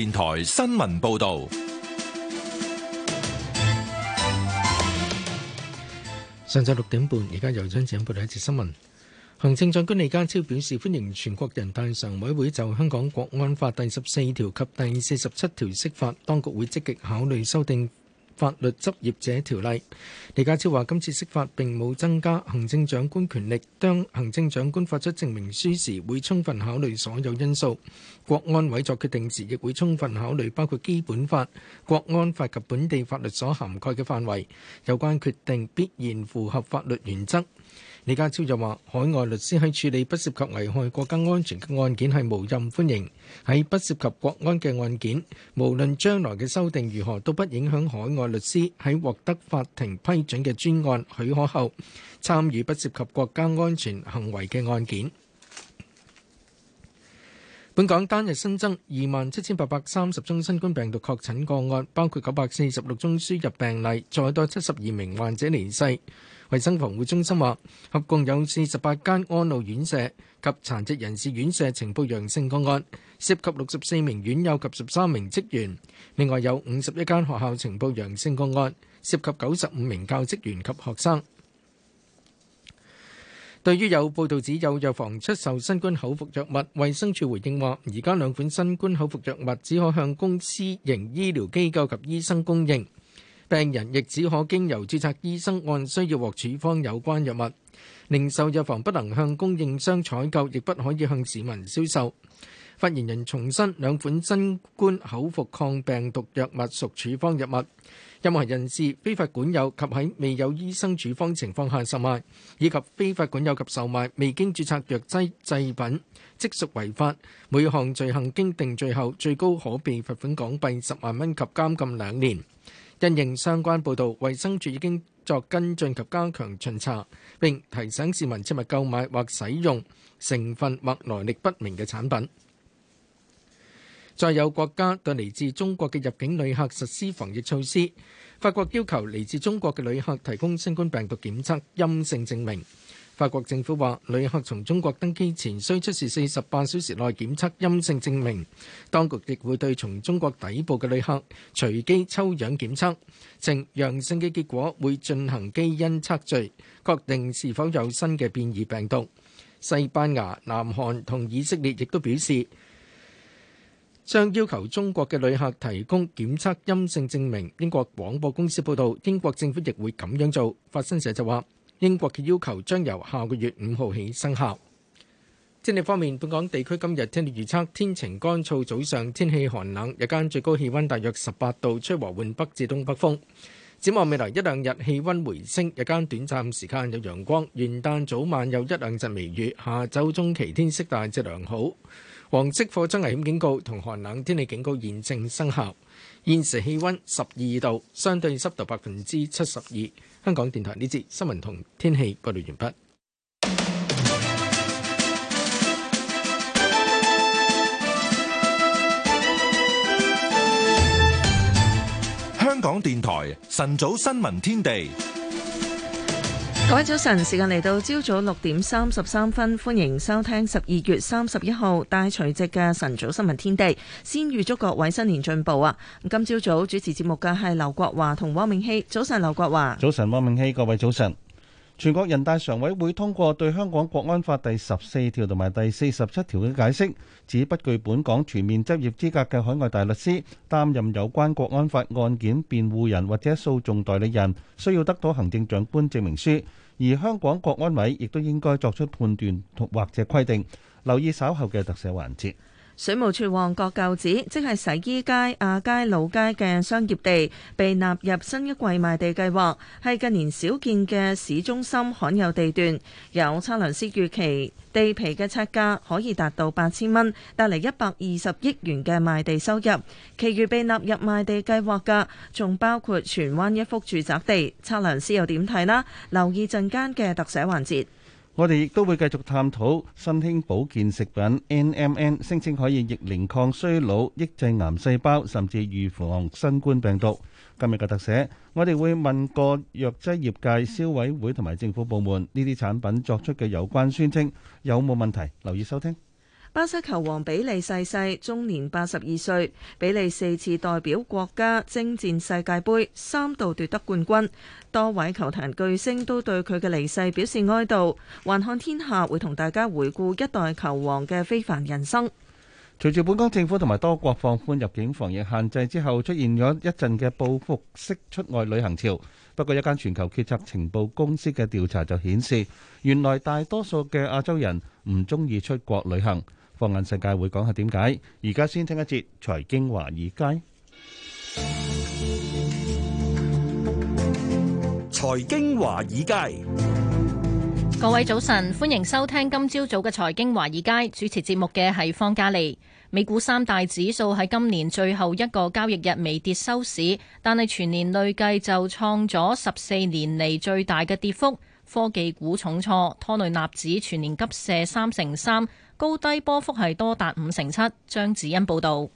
電台新聞報道，上晝六點半，而家由張子影報道一節新聞。行政長官李家超表示歡迎全國人大常委會就香港國安法第十四條及第四十七條釋法，當局會積極考慮修訂。法律執業者條例，李家超話：今次釋法並冇增加行政長官權力，當行政長官發出證明書時，會充分考慮所有因素。國安委作決定時，亦會充分考慮包括基本法、國安法及本地法律所涵蓋嘅範圍，有關決定必然符合法律原則。李家超就話：海外律師喺處理不涉及危害國家安全嘅案件係無任歡迎；喺不涉及國安嘅案件，無論將來嘅修訂如何，都不影響海外律師喺獲得法庭批准嘅專案許可後參與不涉及國家安全行為嘅案件。本港單日新增二萬七千八百三十宗新冠病毒確診個案，包括九百四十六宗輸入病例，再多七十二名患者離世。衛生防護中心話，合共有四十八間安老院舍及殘疾人士院舍呈報陽性個案，涉及六十四名院友及十三名職員。另外有五十一間學校呈報陽性個案，涉及九十五名教職員及學生。對於有報道指有藥房出售新冠口服藥物，衛生署回應話，而家兩款新冠口服藥物只可向公私營醫療機構及醫生供應。病人亦只可經由註冊醫生按需要獲處方有關藥物。零售藥房不能向供應商採購，亦不可以向市民銷售。發言人重申，兩款新冠口服抗病毒藥物屬處方藥物，任何人士非法管有及喺未有醫生處方情況下售賣，以及非法管有及售賣未經註冊藥劑製品，即屬違法。每項罪行經定罪後，最高可被罰款港幣十萬蚊及監禁兩年。因應相關報導，衛生署已經作跟進及加強巡查，並提醒市民切勿購買或使用成分或來歷不明嘅產品。再有國家對嚟自中國嘅入境旅客實施防疫措施，法國要求嚟自中國嘅旅客提供新冠病毒檢測陰性證明。法國政府話，旅客從中國登機前需出示四十八小時內檢測陰性證明。當局亦會對從中國抵埗嘅旅客隨機抽樣檢測，呈陽性嘅結果會進行基因測序，確定是否有新嘅變異病毒。西班牙、南韓同以色列亦都表示將要求中國嘅旅客提供檢測陰性證明。英國廣播公司報道，英國政府亦會咁樣做。法新社就話，英國嘅要求將由下個月五號起生效。天氣方面，本港地區今日天氣預測，天晴乾燥，早上天氣寒冷，日間最高氣溫大約十八度，吹和緩北至東北風。展望未來一兩日，氣溫回升，日間短暫時間有陽光，元旦早晚有一兩陣微雨，下晝中期天色大致良好。黃色火災危險警告同寒冷天氣警告現正生效。現時氣溫十二度，相對濕度百分之七十二。香港電台呢節新聞同天氣報道完畢。香港電台晨早新聞天地。各位早晨，時間嚟到朝早六點三十三分，歡迎收聽十二月三十一號大除夕嘅晨早新聞天地。先預祝各位新年進步啊！今朝早主持節目嘅係劉國華同汪明熙。早晨，劉國華。早晨，汪明熙。各位早晨。全國人大常委會通過對香港國安法第十四條同埋第四十七條嘅解釋，指不具本港全面執業資格嘅海外大律師擔任有關國安法案件辯護人或者訴訟代理人，需要得到行政長官證明書，而香港國安委亦都應該作出判斷同或者規定。留意稍後嘅特赦環節。水務署旺角舊址，即係洗衣街、亞皆老街嘅商業地，被納入新一季賣地計劃，係近年少見嘅市中心罕有地段。有測量師預期地皮嘅呎價可以達到八千蚊，帶嚟一百二十億元嘅賣地收入。其餘被納入賣地計劃嘅，仲包括荃灣一幅住宅地。測量師又點睇啦？留意陣間嘅特寫環節。我哋亦都會繼續探討新興保健食品 NMN，聲稱可以逆齡抗衰老、抑制癌細胞，甚至預防新冠病毒。今日嘅特寫，我哋會問過藥劑業界消委會同埋政府部門呢啲產品作出嘅有關宣稱有冇問題？留意收聽。巴西球王比利逝世，終年八十二歲。比利四次代表國家征戰世界盃，三度奪得冠軍。多位球壇巨星都對佢嘅離世表示哀悼，還看天下會同大家回顧一代球王嘅非凡人生。隨住本港政府同埋多國放寬入境防疫限制之後，出現咗一陣嘅報復式出外旅行潮。不過，一間全球決策情報公司嘅調查就顯示，原來大多數嘅亞洲人唔中意出國旅行。放眼世界會講下點解？而家先聽一節財經華爾街。財經華爾街，各位早晨，歡迎收聽今朝早嘅財經華爾街。主持節目嘅係方嘉利。美股三大指數喺今年最後一個交易日微跌收市，但係全年累計就創咗十四年嚟最大嘅跌幅。科技股重挫，拖累納指全年急瀉三成三，高低波幅係多達五成七。張子欣報道。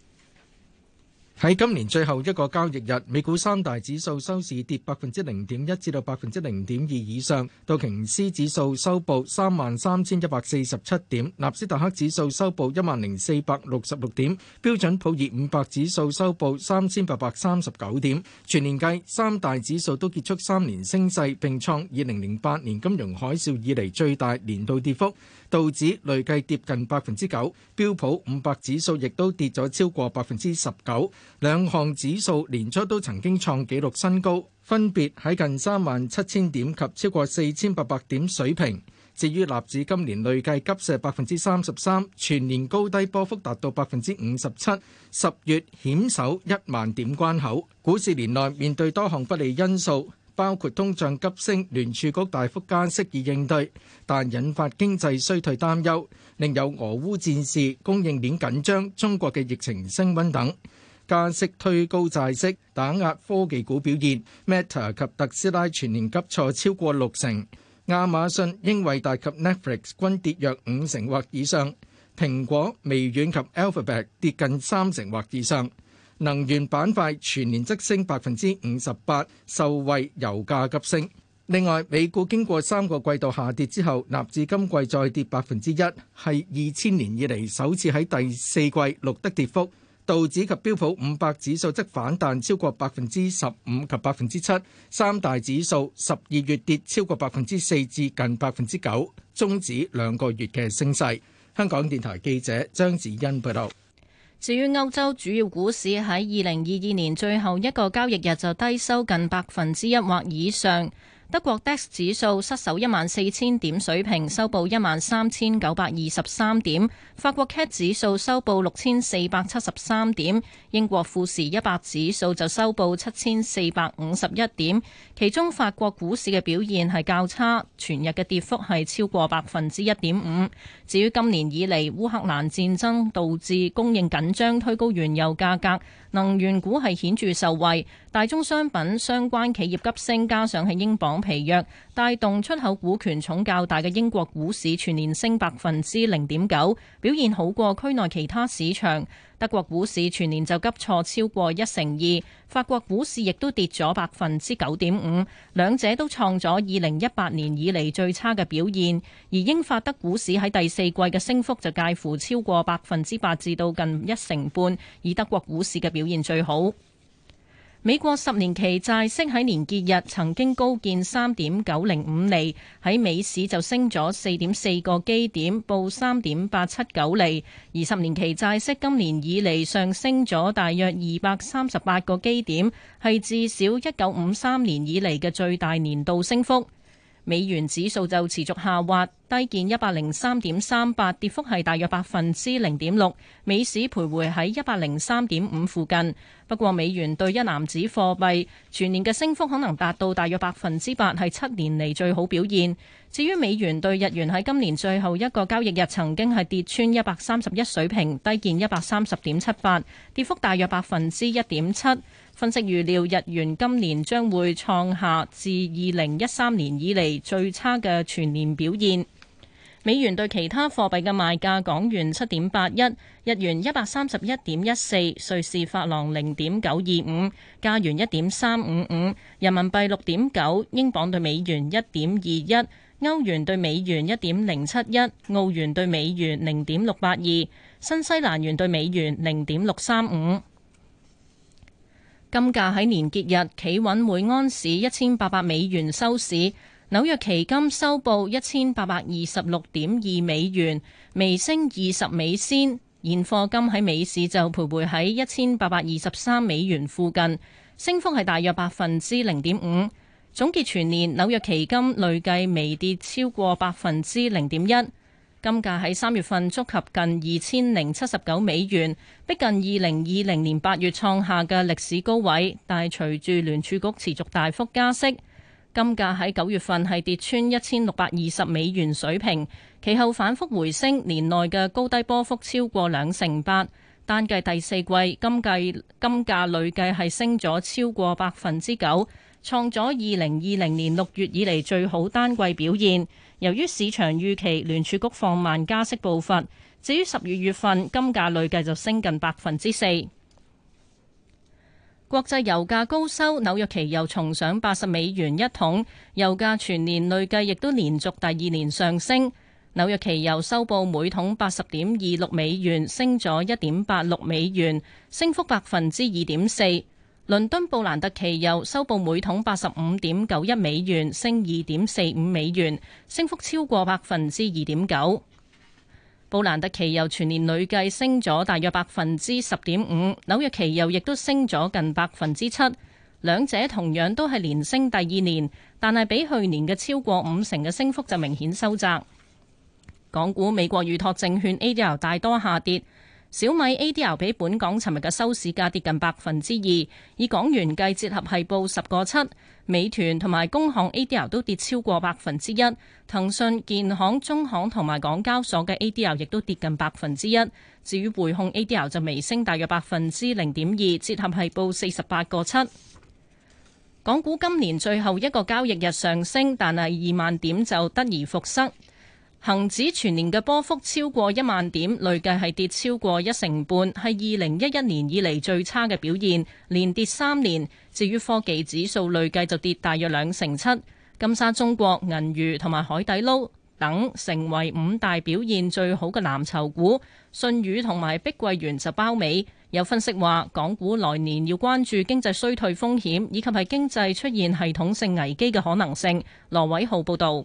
喺今年最後一個交易日，美股三大指數收市跌百分之零點一至到百分之零點二以上，道瓊斯指數收報三萬三千一百四十七點，納斯達克指數收報一萬零四百六十六點，標準普爾五百指數收報三千八百三十九點。全年計，三大指數都結束三年升勢，並創二零零八年金融海嘯以嚟最大年度跌幅。道指累計跌近百分之九，標普五百指數亦都跌咗超過百分之十九，兩項指數年初都曾經創紀錄新高，分別喺近三萬七千點及超過四千八百點水平。至於納指今年累計急跌百分之三十三，全年高低波幅達到百分之五十七，十月險守一萬點關口，股市年內面對多項不利因素。包括通脹急升、聯儲局大幅加息以應對，但引發經濟衰退擔憂；另有俄烏戰事、供應鏈緊張、中國嘅疫情升溫等，加息推高債息，打壓科技股表現。Meta 及特斯拉全年急挫超過六成，亞馬遜、英偉達及 Netflix 均跌約五成或以上，蘋果、微軟及 Alphabet 跌近三成或以上。能源板塊全年則升百分之五十八，受惠油價急升。另外，美股經過三個季度下跌之後，納指今季再跌百分之一，係二千年以嚟首次喺第四季錄得跌幅。道指及標普五百指數則反彈超過百分之十五及百分之七，三大指數十二月跌超過百分之四至近百分之九，終止兩個月嘅升勢。香港電台記者張子欣報道。至於歐洲主要股市喺二零二二年最後一個交易日就低收近百分之一或以上。德國 DAX 指數失守一萬四千點水平，收報一萬三千九百二十三點；法國 CAC 指數收報六千四百七十三點；英國富時一百指數就收報七千四百五十一點。其中法國股市嘅表現係較差，全日嘅跌幅係超過百分之一點五。至於今年以嚟，烏克蘭戰爭導致供應緊張，推高原油價格，能源股係顯著受惠，大宗商品相關企業急升，加上係英鎊。疲弱帶動出口股權重較大嘅英國股市全年升百分之零點九，表現好過區內其他市場。德國股市全年就急挫超過一成二，法國股市亦都跌咗百分之九點五，兩者都創咗二零一八年以嚟最差嘅表現。而英法德股市喺第四季嘅升幅就介乎超過百分之八至到近一成半，以德國股市嘅表現最好。美國十年期債息喺年結日曾經高見3.905釐，喺美市就升咗4.4個基點，報3.879釐。而十年期債息今年以嚟上升咗大約238個基點，係至少一九五三年以嚟嘅最大年度升幅。美元指數就持續下滑，低見一百零三點三八，跌幅係大約百分之零點六。美市徘徊喺一百零三點五附近。不過美元對一籃子貨幣全年嘅升幅可能達到大約百分之八，係七年嚟最好表現。至於美元對日元喺今年最後一個交易日曾經係跌穿一百三十一水平，低見一百三十點七八，跌幅大約百分之一點七。分析預料，日元今年將會創下自二零一三年以嚟最差嘅全年表現。美元對其他貨幣嘅賣價：港元七點八一，日元一百三十一點一四，瑞士法郎零點九二五，加元一點三五五，人民幣六點九，英鎊對美元一點二一，歐元對美元一點零七一，澳元對美元零點六八二，新西蘭元對美元零點六三五。金價喺年結日企穩每安士一千八百美元收市。紐約期金收報一千八百二十六點二美元，微升二十美仙。現貨金喺美市就徘徊喺一千八百二十三美元附近，升幅係大約百分之零點五。總結全年，紐約期金累計微跌超過百分之零點一。金價喺三月份觸及近二千零七十九美元，逼近二零二零年八月創下嘅歷史高位。但係隨住聯儲局持續大幅加息，金價喺九月份係跌穿一千六百二十美元水平，其後反覆回升，年內嘅高低波幅超過兩成八。單計第四季，金計金價累計係升咗超過百分之九。創咗二零二零年六月以嚟，最好單季表現。由於市場預期聯儲局放慢加息步伐，至於十二月份金價累計就升近百分之四。國際油價高收，紐約期油重上八十美元一桶，油價全年累計亦都連續第二年上升。紐約期油收報每桶八十點二六美元，升咗一點八六美元，升幅百分之二點四。.倫敦布蘭特期油收報每桶八十五點九一美元，升二點四五美元，升幅超過百分之二點九。布蘭特期油全年累計升咗大約百分之十點五，紐約期油亦都升咗近百分之七，兩者同樣都係連升第二年，但係比去年嘅超過五成嘅升幅就明顯收窄。港股美國預託證券 ADR 大多下跌。小米 ADR 比本港尋日嘅收市價跌近百分之二，以港元計，折合係報十個七。美團同埋工行 ADR 都跌超過百分之一，騰訊、建行、中行同埋港交所嘅 ADR 亦都跌近百分之一。至於匯控 ADR 就微升大約百分之零點二，折合係報四十八個七。港股今年最後一個交易日上升，但係二萬點就得而復失。恒指全年嘅波幅超過一萬點，累計係跌超過一成半，係二零一一年以嚟最差嘅表現，連跌三年。至於科技指數累計就跌大約兩成七。金沙中國、銀娛同埋海底撈等成為五大表現最好嘅藍籌股，信宇同埋碧桂園就包尾。有分析話，港股來年要關注經濟衰退風險，以及係經濟出現系統性危機嘅可能性。羅偉浩報道。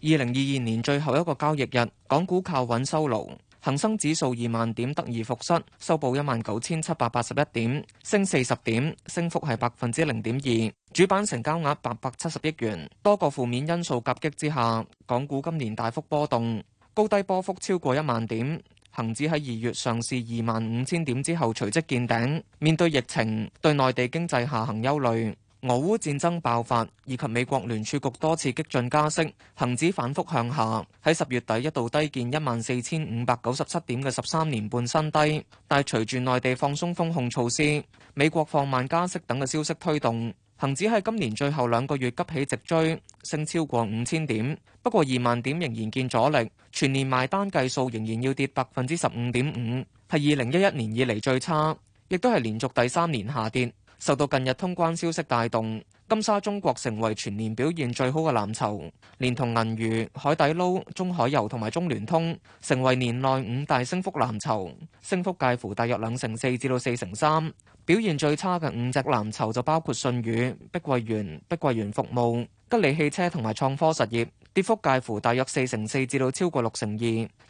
二零二二年最後一個交易日，港股靠穩收爐，恒生指數二萬點得而復失，收報一萬九千七百八十一點，升四十點，升幅係百分之零點二。主板成交額八百七十億元，多個負面因素夾擊之下，港股今年大幅波動，高低波幅超過一萬點。恒指喺二月上市二萬五千點之後，隨即見頂，面對疫情，對內地經濟下行憂慮。俄烏戰爭爆發，以及美國聯儲局多次激進加息，恒指反覆向下。喺十月底一度低見一萬四千五百九十七點嘅十三年半新低。但係隨住內地放鬆封控措施，美國放慢加息等嘅消息推動，恒指喺今年最後兩個月急起直追，升超過五千點。不過二萬點仍然見阻力，全年埋單計數仍然要跌百分之十五點五，係二零一一年以嚟最差，亦都係連續第三年下跌。受到近日通關消息帶動，金沙中國成為全年表現最好嘅藍籌，連同銀娛、海底撈、中海油同埋中聯通，成為年內五大升幅藍籌，升幅介乎大約兩成四至到四成三。表現最差嘅五隻藍籌就包括信譽、碧桂園、碧桂園服務、吉利汽車同埋創科實業，跌幅介乎大約四成四至到超過六成二，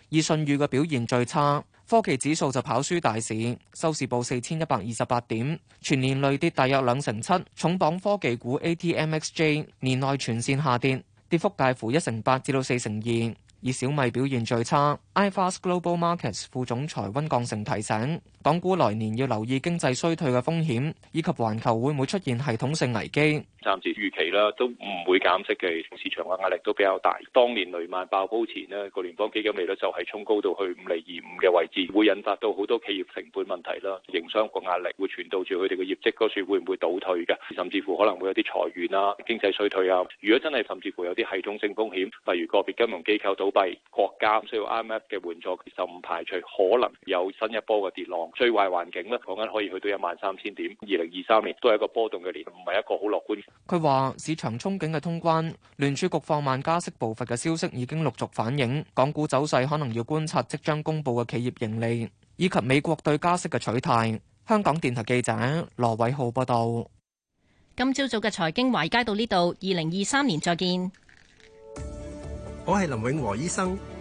以信譽嘅表現最差。科技指數就跑輸大市，收市報四千一百二十八點，全年累跌大約兩成七。重磅科技股 ATMXJ 年內全線下跌，跌幅介乎一成八至到四成二，4, 2，以小米表現最差。iFAST Global Markets 副總裁溫降成提醒，港股來年要留意經濟衰退嘅風險，以及環球會唔會出現系統性危機。暫時預期啦，都唔會減息嘅市場嘅壓力都比較大。當年雷曼爆煲前咧，個聯邦基金利率就係衝高到去五厘二五嘅位置，會引發到好多企業成本問題啦，營商個壓力會傳導住佢哋嘅業績嗰時會唔會倒退嘅，甚至乎可能會有啲裁員啦、經濟衰退啊。如果真係甚至乎有啲系統性風險，例如個別金融機構倒閉、國家需要 IMF 嘅援助其實唔排除可能有新一波嘅跌浪，最壞環境咧，講緊可以去到一萬三千點。二零二三年都係一個波動嘅年，唔係一個好樂觀。佢話市場憧憬嘅通關，聯儲局放慢加息步伐嘅消息已經陸續反映，港股走勢可能要觀察即將公佈嘅企業盈利，以及美國對加息嘅取態。香港電台記者羅偉浩報道。今朝早嘅財經懷街到呢度，二零二三年再見。我係林永和醫生。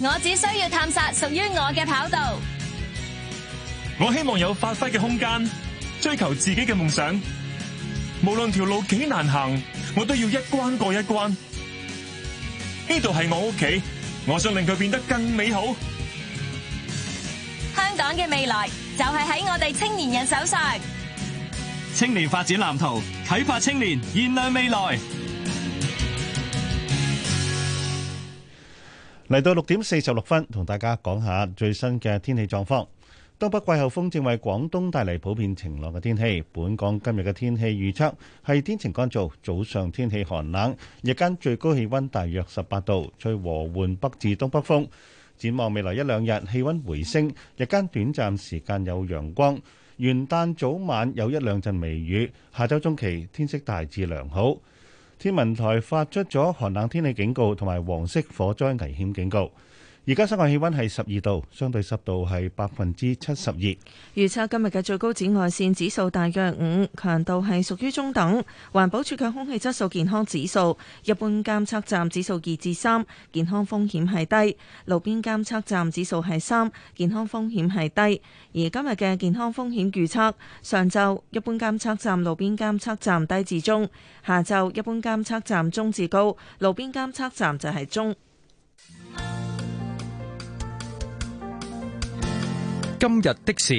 我只需要探索屬於我嘅跑道。我希望有發揮嘅空間，追求自己嘅夢想。無論條路幾難行，我都要一關過一關。呢度係我屋企，我想令佢變得更美好。香港嘅未來就係喺我哋青年人手上。青年發展藍圖，啟發青年，燃亮未來。嚟到六點四十六分，同大家講下最新嘅天氣狀況。東北季候風正為廣東帶嚟普遍晴朗嘅天氣。本港今日嘅天氣預測係天晴乾燥，早上天氣寒冷，日間最高氣温大約十八度，吹和緩北至東北風。展望未來一兩日，氣温回升，日間短暫時間有陽光。元旦早晚有一兩陣微雨，下周中期天色大致良好。天文台發出咗寒冷天氣警告同埋黃色火災危險警告。而家室外氣溫係十二度，相對濕度係百分之七十二。預測今日嘅最高紫外線指數大約五，強度係屬於中等。環保署嘅空氣質素健康指數，一般監測站指數二至三，健康風險係低；路邊監測站指數係三，健康風險係低。而今日嘅健康風險預測，上晝一般監測站、路邊監測站低至中；下晝一般監測站中至高，路邊監測站就係中。今日的事，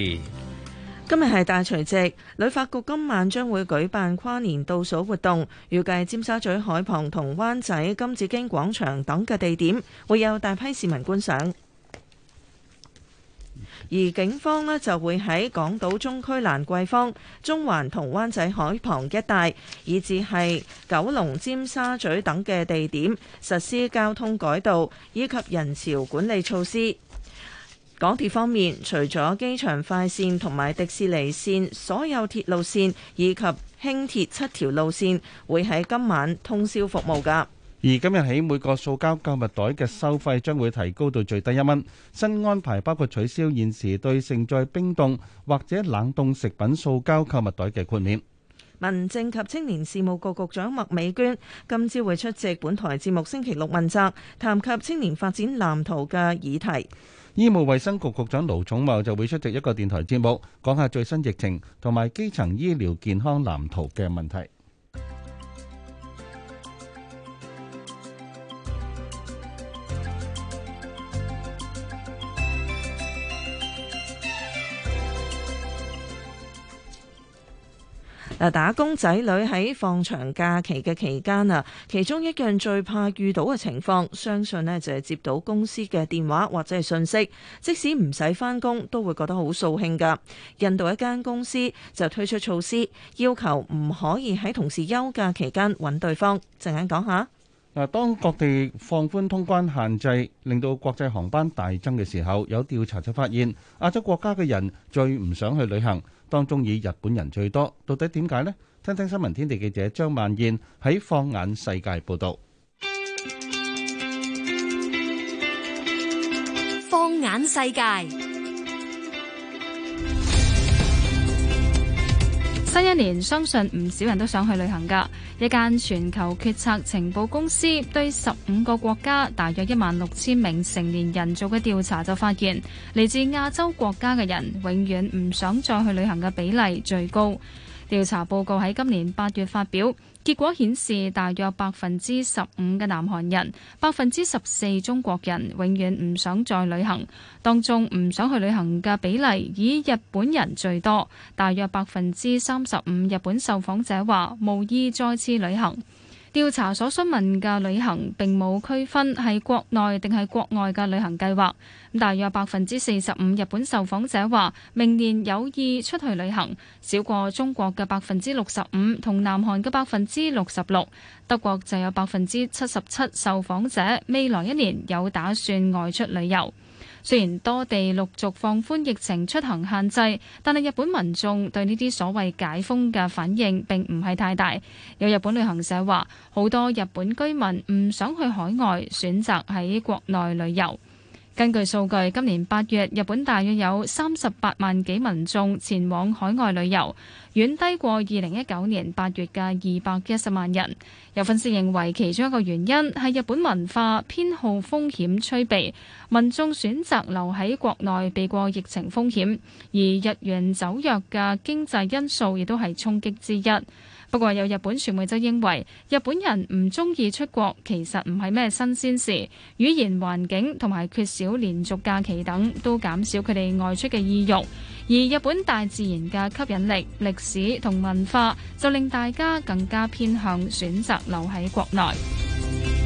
今日係大除夕，旅發局今晚將會舉辦跨年倒數活動，預計尖沙咀海旁同灣仔金紫荊廣場等嘅地點會有大批市民觀賞。而警方呢就會喺港島中區蘭桂坊、中環同灣仔海旁一帶，以至係九龍尖沙咀等嘅地點實施交通改道以及人潮管理措施。港鐵方面，除咗機場快線同埋迪士尼線，所有鐵路線以及輕鐵七條路線會喺今晚通宵服務㗎。而今日起，每個塑膠購物袋嘅收費將會提高到最低一蚊。新安排包括取消現時對盛載冰凍或者冷凍食品塑膠購物袋嘅豁免。民政及青年事務局局長麥美娟今朝會出席本台節目《星期六問責》，談及青年發展藍圖嘅議題。醫務衛生局局長盧寵茂就會出席一個電台節目，講下最新疫情同埋基層醫療健康藍圖嘅問題。嗱，打工仔女喺放長假期嘅期間啊，其中一樣最怕遇到嘅情況，相信呢就係接到公司嘅電話或者係信息，即使唔使翻工都會覺得好掃興噶。印度一間公司就推出措施，要求唔可以喺同事休假期間揾對方。陣間講下，嗱，當各地放寬通關限制，令到國際航班大增嘅時候，有調查就發現亞洲國家嘅人最唔想去旅行。當中以日本人最多，到底點解呢？聽聽新聞天地記者張萬燕喺《放眼世界》報導。放眼世界。新一年，相信唔少人都想去旅行噶。一間全球決策情報公司對十五個國家大約一萬六千名成年人做嘅調查就發現，嚟自亞洲國家嘅人永遠唔想再去旅行嘅比例最高。調查報告喺今年八月發表，結果顯示，大約百分之十五嘅南韓人，百分之十四中國人永遠唔想再旅行，當中唔想去旅行嘅比例以日本人最多，大約百分之三十五日本受訪者話無意再次旅行。調查所詢問嘅旅行並冇區分係國內定係國外嘅旅行計劃，咁大約百分之四十五日本受訪者話明年有意出去旅行，少過中國嘅百分之六十五同南韓嘅百分之六十六，德國就有百分之七十七受訪者未來一年有打算外出旅遊。雖然多地陸續放寬疫情出行限制，但係日本民眾對呢啲所謂解封嘅反應並唔係太大。有日本旅行社話，好多日本居民唔想去海外，選擇喺國內旅遊。根據數據，今年八月日本大約有三十八萬幾民眾前往海外旅遊，遠低過二零一九年八月嘅二百一十萬人。有分析認為，其中一個原因係日本文化偏好風險趨避，民眾選擇留喺國內避過疫情風險，而日元走弱嘅經濟因素亦都係衝擊之一。不過有日本傳媒就認為，日本人唔鍾意出國其實唔係咩新鮮事，語言環境同埋缺少連續假期等都減少佢哋外出嘅意欲，而日本大自然嘅吸引力、歷史同文化就令大家更加偏向選擇留喺國內。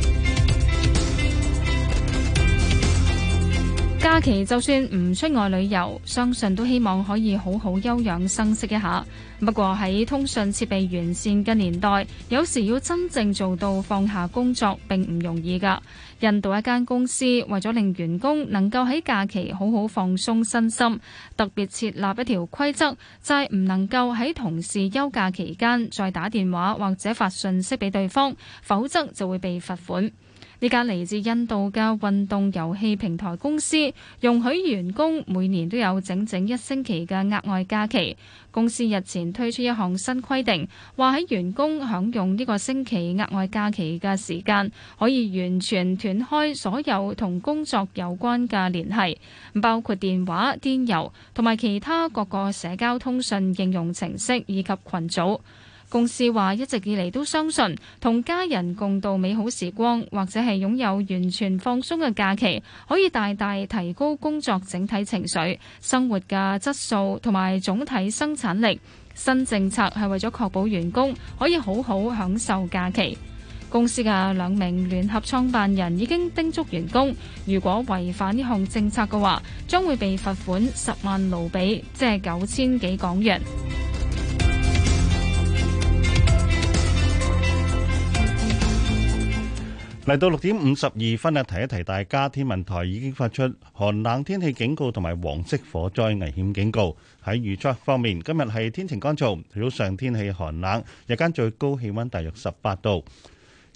假期就算唔出外旅遊，相信都希望可以好好休養生息一下。不過喺通訊設備完善嘅年代，有時要真正做到放下工作並唔容易㗎。印度一間公司為咗令員工能夠喺假期好好放鬆身心，特別設立一條規則，就係唔能夠喺同事休假期間再打電話或者發信息俾對方，否則就會被罰款。呢間嚟自印度嘅運動遊戲平台公司，容許員工每年都有整整一星期嘅額外假期。公司日前推出一項新規定，話喺員工享用呢個星期額外假期嘅時間，可以完全斷開所有同工作有關嘅聯繫，包括電話、電郵同埋其他各個社交通訊應用程式以及羣組。公司話一直以嚟都相信同家人共度美好時光，或者係擁有完全放鬆嘅假期，可以大大提高工作整體情緒、生活嘅質素同埋總體生產力。新政策係為咗確保員工可以好好享受假期。公司嘅兩名聯合創辦人已經叮囑員工，如果違反呢項政策嘅話，將會被罰款十萬盧比，即係九千幾港元。嚟到六點五十二分啊！提一提大家，天文台已經發出寒冷天氣警告同埋黃色火災危險警告。喺預測方面，今日係天晴乾燥，早上天氣寒冷，日間最高氣温大約十八度。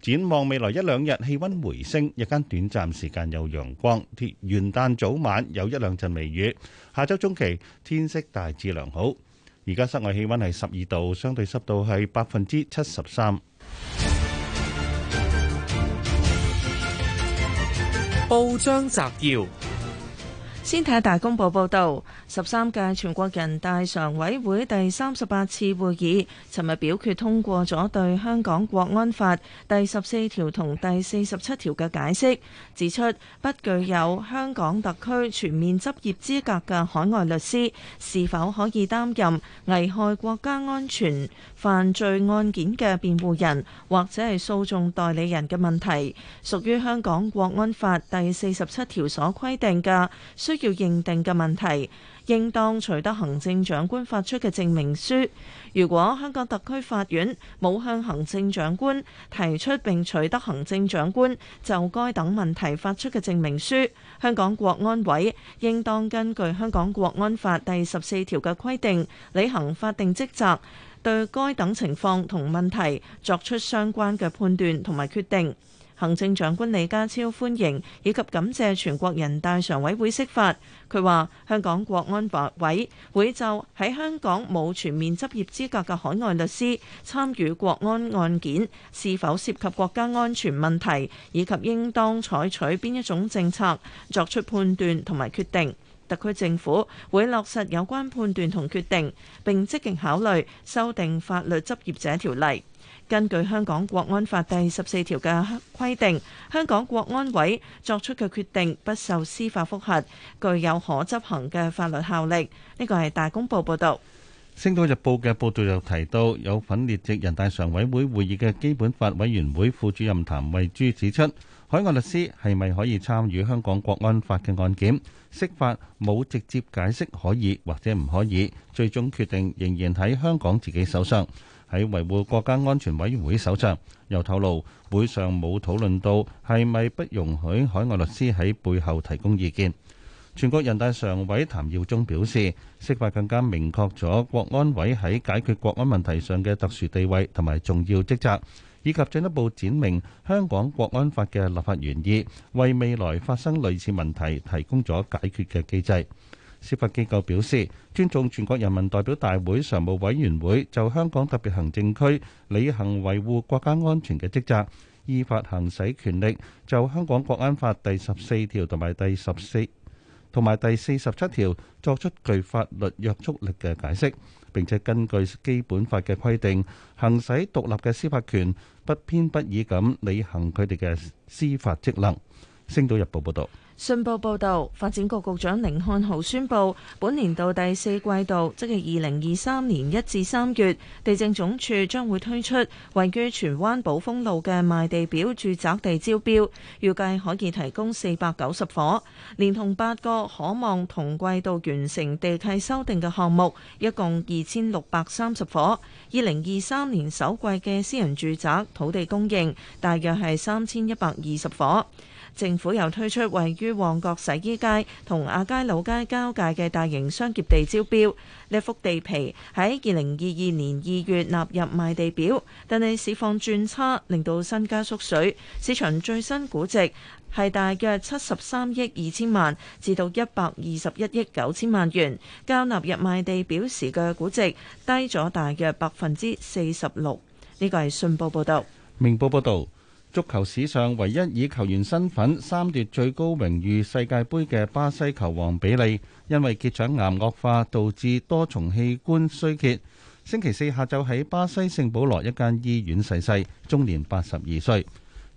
展望未來一兩日，氣温回升，日間短暫時間有陽光。元旦早晚有一兩陣微雨。下週中期天色大致良好。而家室外氣温係十二度，相對濕度係百分之七十三。報章摘要，先睇大公報報道。十三屆全國人大常委會第三十八次會議，尋日表決通過咗對《香港國安法》第十四條同第四十七條嘅解釋，指出不具有香港特區全面執業資格嘅海外律師是否可以擔任危害國家安全犯罪案件嘅辯護人，或者係訴訟代理人嘅問題，屬於《香港國安法》第四十七條所規定嘅需要認定嘅問題。應當取得行政長官發出嘅證明書。如果香港特區法院冇向行政長官提出並取得行政長官就該等問題發出嘅證明書，香港國安委應當根據《香港國安法》第十四條嘅規定，履行法定職責，對該等情況同問題作出相關嘅判斷同埋決定。行政長官李家超歡迎以及感謝全國人大常委會釋法。佢話：香港國安委會就喺香港冇全面執業資格嘅海外律師參與國安案件，是否涉及國家安全問題，以及應當採取邊一種政策，作出判斷同埋決定。特區政府會落實有關判斷同決定，並積極考慮修訂法律執業者條例。根據香港國安法第十四條嘅規定，香港國安委作出嘅決定不受司法覆核，具有可執行嘅法律效力。呢個係大公報報導。星島日報嘅報導又提到，有份列席人大常委會會議嘅基本法委員會副主任譚慧珠指出，海外律師係咪可以參與香港國安法嘅案件？釋法冇直接解釋可以或者唔可以，最終決定仍然喺香港自己手上。喺維護國家安全委員會手上，又透露，會上冇討論到，係咪不容許海外律師喺背後提供意見。全國人大常委譚耀宗表示，釋法更加明確咗國安委喺解決國安問題上嘅特殊地位同埋重要職責，以及進一步展明，香港國安法嘅立法原意為未來發生類似問題提供咗解決嘅機制。司法機構表示，尊重全國人民代表大會常務委員會就香港特別行政區履行維護國家安全嘅職責，依法行使權力，就香港國安法第十四條同埋第十四同埋第四十七條作出具法律約束力嘅解釋，並且根據基本法嘅規定，行使獨立嘅司法權，不偏不倚咁履行佢哋嘅司法職能。星島日報報導。信報報導，發展局局長甯漢豪宣布，本年度第四季度即係二零二三年一至三月，地政總署將會推出位於荃灣寶豐路嘅賣地表住宅地招標，預計可以提供四百九十伙，連同八個可望同季度完成地契修訂嘅項目，一共二千六百三十伙。二零二三年首季嘅私人住宅土地供應，大約係三千一百二十伙。政府又推出位於旺角洗衣街同亞皆老街交界嘅大型商業地招標，呢幅地皮喺二零二二年二月納入賣地表，但係市況轉差，令到身家縮水。市場最新估值係大約七十三億二千萬至到一百二十一億九千萬元，較納入賣地表時嘅估值低咗大約百分之四十六。呢個係信報報道。明報報道。足球史上唯一以球員身份三奪最高榮譽世界盃嘅巴西球王比利，因為結腸癌惡化導致多重器官衰竭，星期四下晝喺巴西聖保羅一間醫院逝世，終年八十二歲。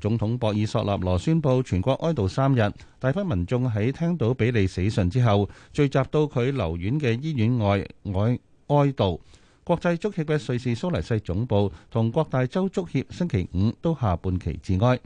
總統博爾索納羅宣布全國哀悼三日，大批民眾喺聽到比利死訊之後，聚集到佢留院嘅醫院外哀哀悼。國際足協嘅瑞士蘇黎世總部同各大洲足協星期五都下半旗致哀。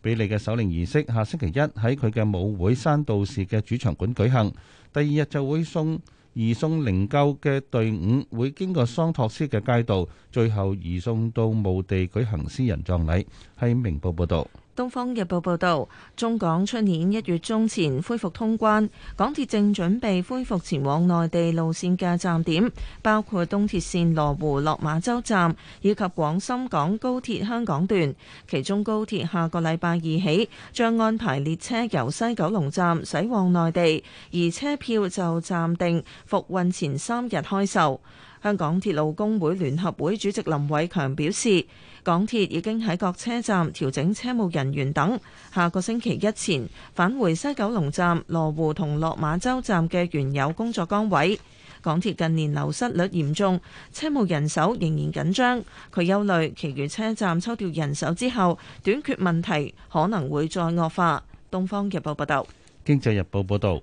比利嘅守靈儀式下星期一喺佢嘅母會山道士嘅主場館舉行，第二日就會送移送靈柩嘅隊伍會經過桑托斯嘅街道，最後移送到墓地舉行私人葬禮。喺《明報》報道。東方日報報道，中港出年一月中前恢復通關，港鐵正準備恢復前往內地路綫嘅站點，包括東鐵綫羅湖落馬洲站以及廣深港高鐵香港段。其中高鐵下個禮拜二起將安排列車由西九龍站駛往內地，而車票就暫定復運前三日開售。香港鐵路工會聯合會主席林偉強表示，港鐵已經喺各車站調整車務人員等，下個星期一前返回西九龍站、羅湖同落馬洲站嘅原有工作崗位。港鐵近年流失率嚴重，車務人手仍然緊張。佢憂慮，其餘車站抽調人手之後，短缺問題可能會再惡化。《東方日報》報道。《經濟日報》報道。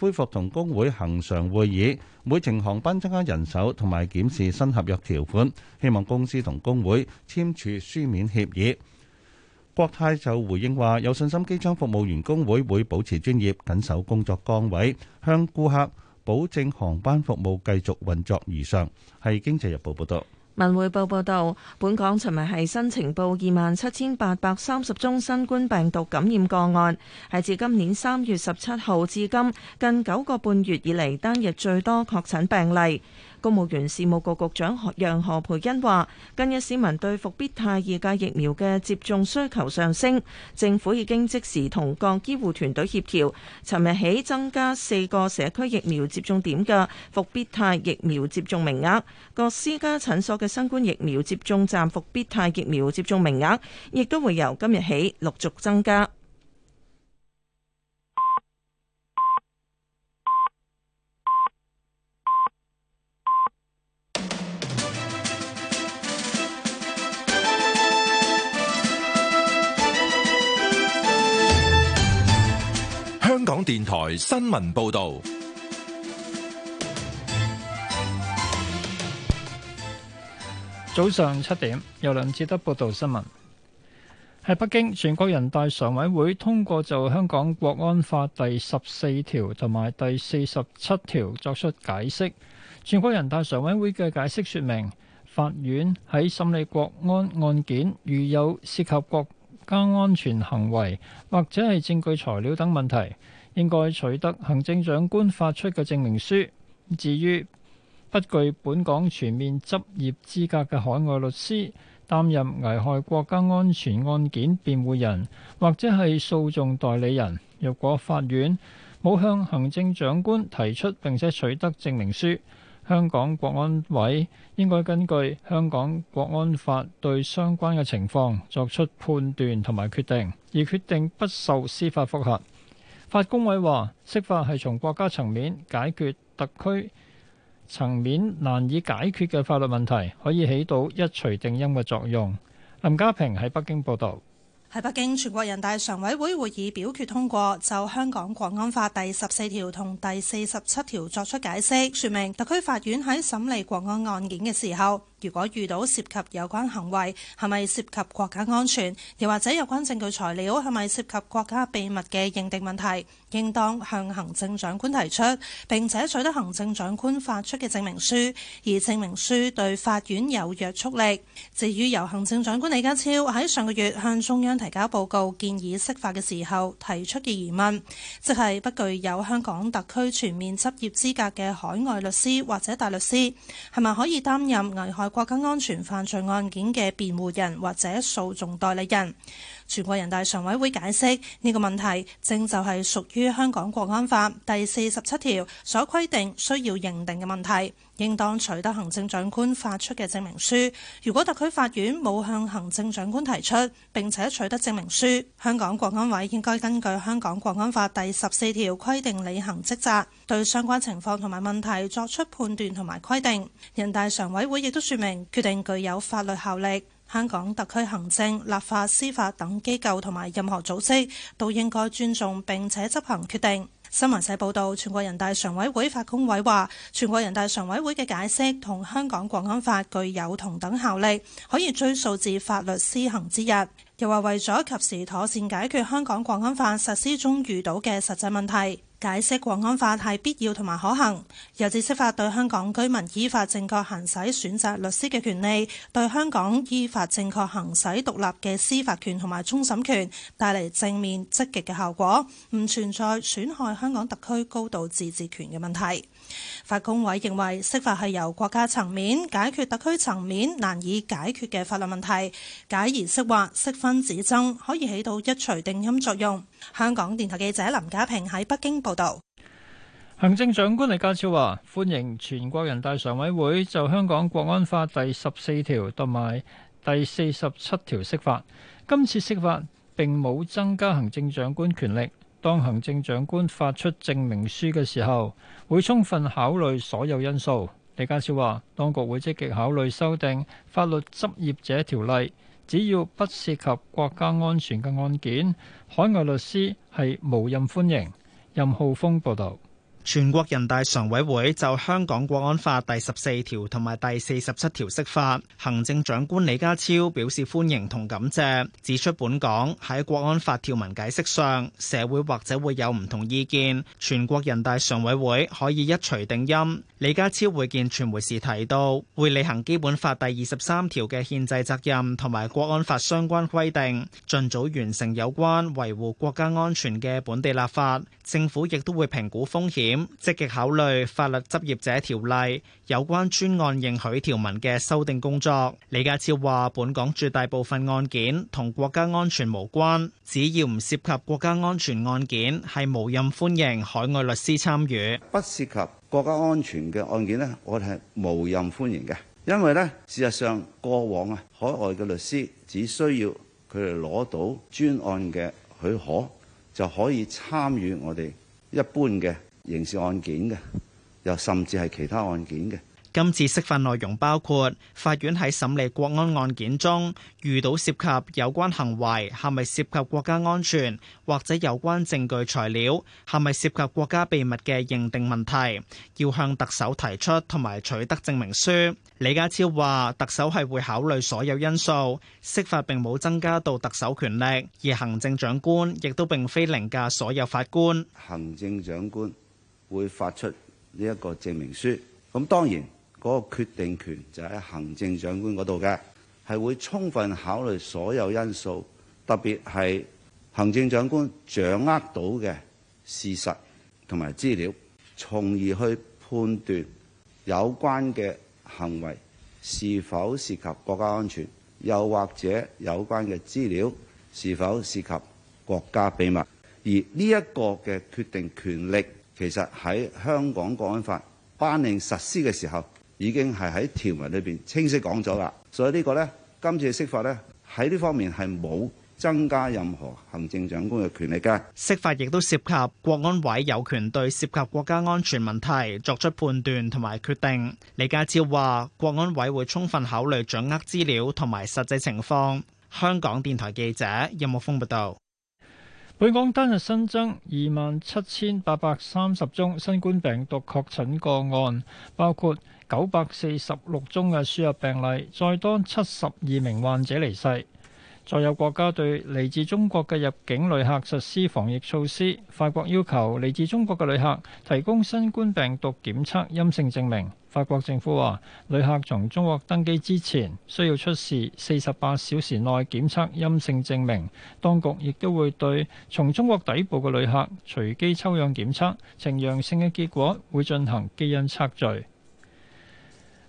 恢復同工會恆常會議，每程航班增加人手同埋檢視新合約條款，希望公司同工會簽署書面協議。國泰就回應話，有信心機艙服務員工會會保持專業，緊守工作崗位，向顧客保證航班服務繼續運作如常。係經濟日報報導。文匯報報道，本港尋日係新情報二萬七千八百三十宗新冠病毒感染個案，係自今年三月十七號至今近九個半月以嚟單日最多確診病例。公務員事務局局長楊何培恩話：近日市民對復必泰二價疫苗嘅接種需求上升，政府已經即時同各醫護團隊協調，尋日起增加四個社區疫苗接種點嘅復必泰疫苗接種名額，各私家診所嘅新冠疫苗接種站復必泰疫苗接種名額亦都會由今日起陸續增加。香港電台新聞報道，早上七點，由梁志德報道新聞。喺北京，全國人大常委會通過就香港國安法第十四條同埋第四十七條作出解釋。全國人大常委會嘅解釋說明，法院喺審理國安案件如有涉及國。家安全行為或者係證據材料等問題，應該取得行政長官發出嘅證明書。至於不具本港全面執業資格嘅海外律師擔任危害國家安全案件辯護人或者係訴訟代理人，若果法院冇向行政長官提出並且取得證明書。香港國安委應該根據香港國安法對相關嘅情況作出判斷同埋決定，而決定不受司法複核。法工委話，釋法係從國家層面解決特區層面難以解決嘅法律問題，可以起到一錘定音嘅作用。林家平喺北京報道。喺北京，全國人大常委會會議表決通過，就香港《國安法》第十四條同第四十七條作出解釋，説明特區法院喺審理國安案件嘅時候。如果遇到涉及有關行為，係咪涉及國家安全，又或者有關證據材料，係咪涉及國家秘密嘅認定問題，應當向行政長官提出，並且取得行政長官發出嘅證明書，而證明書對法院有約束力。至於由行政長官李家超喺上個月向中央提交報告建議釋法嘅時候提出嘅疑問，即係不具有香港特區全面執業資格嘅海外律師或者大律師，係咪可以擔任危害國家安全犯罪案件嘅辯護人或者訴訟代理人。全國人大常委會解釋，呢個問題，正就係屬於香港國安法第四十七條所規定需要認定嘅問題，應當取得行政長官發出嘅證明書。如果特區法院冇向行政長官提出並且取得證明書，香港國安委應該根據香港國安法第十四條規定履行職責，對相關情況同埋問題作出判斷同埋規定。人大常委會亦都說明決定具有法律效力。香港特區行政、立法、司法等機構同埋任何組織都應該尊重並且執行決定。新聞社報道，全國人大常委會法工委話，全國人大常委會嘅解釋同香港《國安法》具有同等效力，可以追溯至法律施行之日。又話為咗及時妥善解決香港《國安法》實施中遇到嘅實際問題。解釋《國安法》係必要同埋可行，又指釋法對香港居民依法正確行使選擇律師嘅權利，對香港依法正確行使獨立嘅司法權同埋終審權帶嚟正面積極嘅效果，唔存在損害香港特區高度自治權嘅問題。法工委認為釋法係由國家層面解決特區層面難以解決嘅法律問題，解疑釋惑、釋分止爭，可以起到一錘定音作用。香港電台記者林家平喺北京報道，行政長官李家超話：歡迎全國人大常委會就香港國安法第十四條同埋第四十七條釋法。今次釋法並冇增加行政長官權力。當行政長官發出證明書嘅時候，會充分考慮所有因素。李家超話，當局會積極考慮修訂法律執業者條例，只要不涉及國家安全嘅案件，海外律師係無任歡迎。任浩峰報導。全國人大常委會就香港國安法第十四條同埋第四十七條釋法，行政長官李家超表示歡迎同感謝，指出本港喺國安法條文解釋上，社會或者會有唔同意見，全國人大常委會可以一錘定音。李家超會見傳媒時提到，會履行基本法第二十三條嘅憲制責任同埋國安法相關規定，盡早完成有關維護國家安全嘅本地立法。政府亦都會評估風險。積極考慮《法律執業者條例》有關專案認許條文嘅修訂工作。李家超話：本港絕大部分案件同國家安全無關，只要唔涉及國家安全案件，係無任歡迎海外律師參與。不涉及國家安全嘅案件呢，我哋係無任歡迎嘅，因為呢，事實上過往啊，海外嘅律師只需要佢哋攞到專案嘅許可，就可以參與我哋一般嘅。刑事案件嘅，又甚至係其他案件嘅。今次釋法內容包括法院喺審理國安案件中，遇到涉及有關行為，係咪涉及國家安全，或者有關證據材料係咪涉及國家秘密嘅認定問題，要向特首提出同埋取得證明書。李家超話特首係會考慮所有因素，釋法並冇增加到特首權力，而行政長官亦都並非凌駕所有法官。行政長官。會發出呢一個證明書。咁當然嗰個決定權就喺行政長官嗰度嘅，係會充分考慮所有因素，特別係行政長官掌握到嘅事實同埋資料，從而去判斷有關嘅行為是否涉及國家安全，又或者有關嘅資料是否涉及國家秘密。而呢一個嘅決定權力。其實喺香港國安法頒令實施嘅時候，已經係喺條文裏邊清晰講咗啦。所以呢個呢，今次嘅釋法呢，喺呢方面係冇增加任何行政長官嘅權力㗎。釋法亦都涉及國安委有權對涉及國家安全問題作出判斷同埋決定。李家超話：國安委會充分考慮掌握資料同埋實際情況。香港電台記者任木峯報道。本港單日新增二萬七千八百三十宗新冠病毒確診個案，包括九百四十六宗嘅輸入病例，再多七十二名患者離世。再有國家對嚟自中國嘅入境旅客實施防疫措施。法國要求嚟自中國嘅旅客提供新冠病毒檢測陰性證明。法國政府話，旅客從中國登機之前需要出示四十八小時內檢測陰性證明。當局亦都會對從中國抵埗嘅旅客隨機抽樣檢測，呈陽性嘅結果會進行基因測序。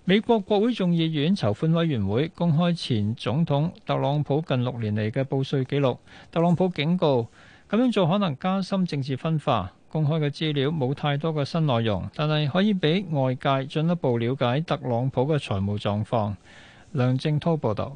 美國國會眾議院籌款委員會公開前總統特朗普近六年嚟嘅報稅記錄。特朗普警告，咁樣做可能加深政治分化。公開嘅資料冇太多嘅新內容，但係可以俾外界進一步了解特朗普嘅財務狀況。梁正滔報道。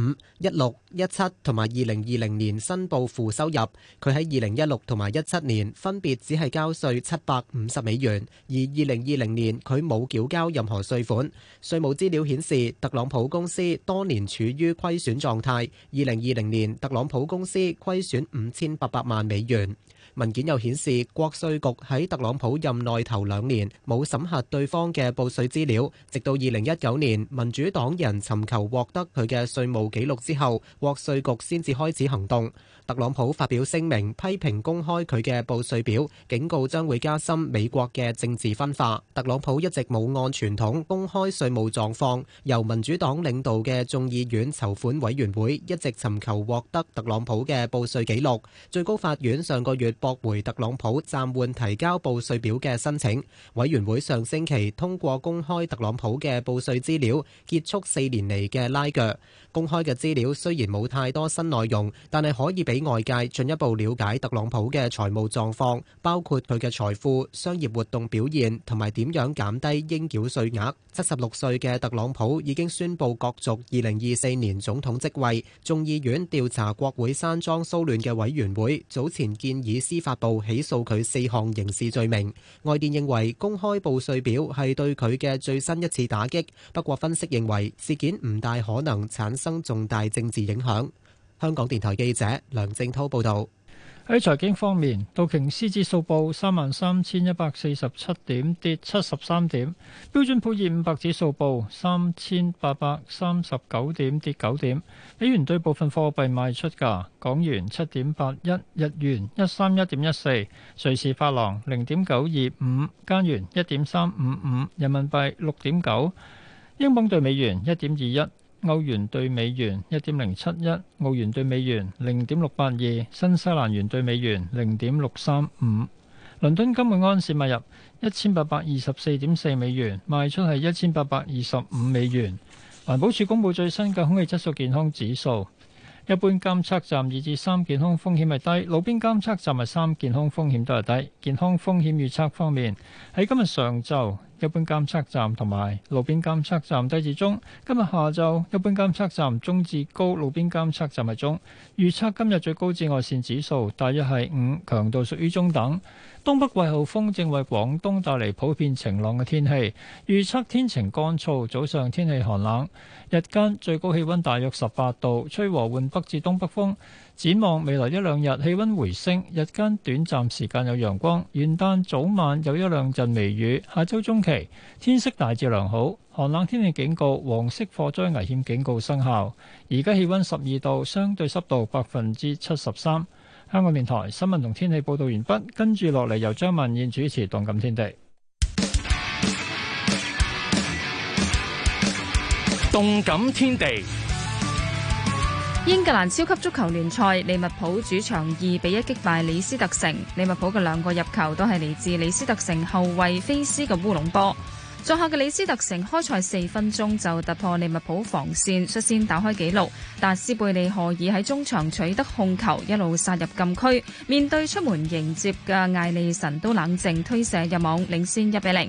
五、一六、一七同埋二零二零年申報負收入，佢喺二零一六同埋一七年分別只係交稅七百五十美元，而二零二零年佢冇繳交任何稅款。稅務資料顯示，特朗普公司多年處於虧損狀態，二零二零年特朗普公司虧損五千八百萬美元。文件又顯示，國稅局喺特朗普任內頭兩年冇審核對方嘅報稅資料，直到二零一九年民主黨人尋求獲得佢嘅稅務記錄之後，國稅局先至開始行動。特朗普發表聲明，批評公開佢嘅報稅表，警告將會加深美國嘅政治分化。特朗普一直冇按傳統公開稅務狀況，由民主黨領導嘅眾議院籌款委員會一直尋求獲得特朗普嘅報稅記錄。最高法院上個月駁回特朗普暫緩提交報稅表嘅申請。委員會上星期通過公開特朗普嘅報稅資料，結束四年嚟嘅拉鋸。公開嘅資料雖然冇太多新內容，但係可以俾外界進一步了解特朗普嘅財務狀況，包括佢嘅財富、商業活動表現同埋點樣減低應繳稅額。七十六歲嘅特朗普已經宣布角逐二零二四年總統職位。眾議院調查國會山莊騷亂嘅委員會早前建議司法部起訴佢四項刑事罪名。外電認為公開報稅表係對佢嘅最新一次打擊，不過分析認為事件唔大可能產生重大政治影響。香港電台記者梁正濤報道。喺財經方面，道瓊斯指數報三萬三千一百四十七點，跌七十三點；標準普爾五百指數報三千八百三十九點，跌九點。美元兌部分貨幣賣出價：港元七點八一，日元一三一點一四，瑞士法郎零點九二五，加元一點三五五，人民幣六點九，英鎊兌美元一點二一。歐元對美元一點零七一，澳元對美元零點六八二，新西蘭元對美元零點六三五。倫敦金每盎司買入一千八百二十四點四美元，賣出係一千八百二十五美元。環保署公布最新嘅空氣質素健康指數，一般監測站二至三健康風險係低，路邊監測站係三健康風險都係低。健康風險預測方面，喺今日上晝。一般監測站同埋路邊監測站低至中，今日下晝一般監測站中至高，路邊監測站係中。預測今日最高紫外線指數大約係五，強度屬於中等。東北季候風正為廣東帶嚟普遍晴朗嘅天氣，預測天晴乾燥，早上天氣寒冷，日間最高氣温大約十八度，吹和緩北至東北風。展望未來一兩日，氣温回升，日間短暫時間有陽光，元旦早晚有一兩陣微雨。下周中期天色大致良好，寒冷天氣警告、黃色火災危險警告生效。而家氣温十二度，相對濕度百分之七十三。香港電台新聞同天氣報導完畢，跟住落嚟由張文燕主持《動感天地》。動感天地。英格蘭超級足球聯賽，利物浦主場二比一擊敗李斯特城。利物浦嘅兩個入球都係嚟自李斯特城後衛菲斯嘅烏龍波。作客嘅李斯特城開賽四分鐘就突破利物浦防綫，率先打開紀錄。達斯貝利荷爾喺中場取得控球，一路殺入禁區，面對出門迎接嘅艾利神都冷靜推射入網，領先一比零。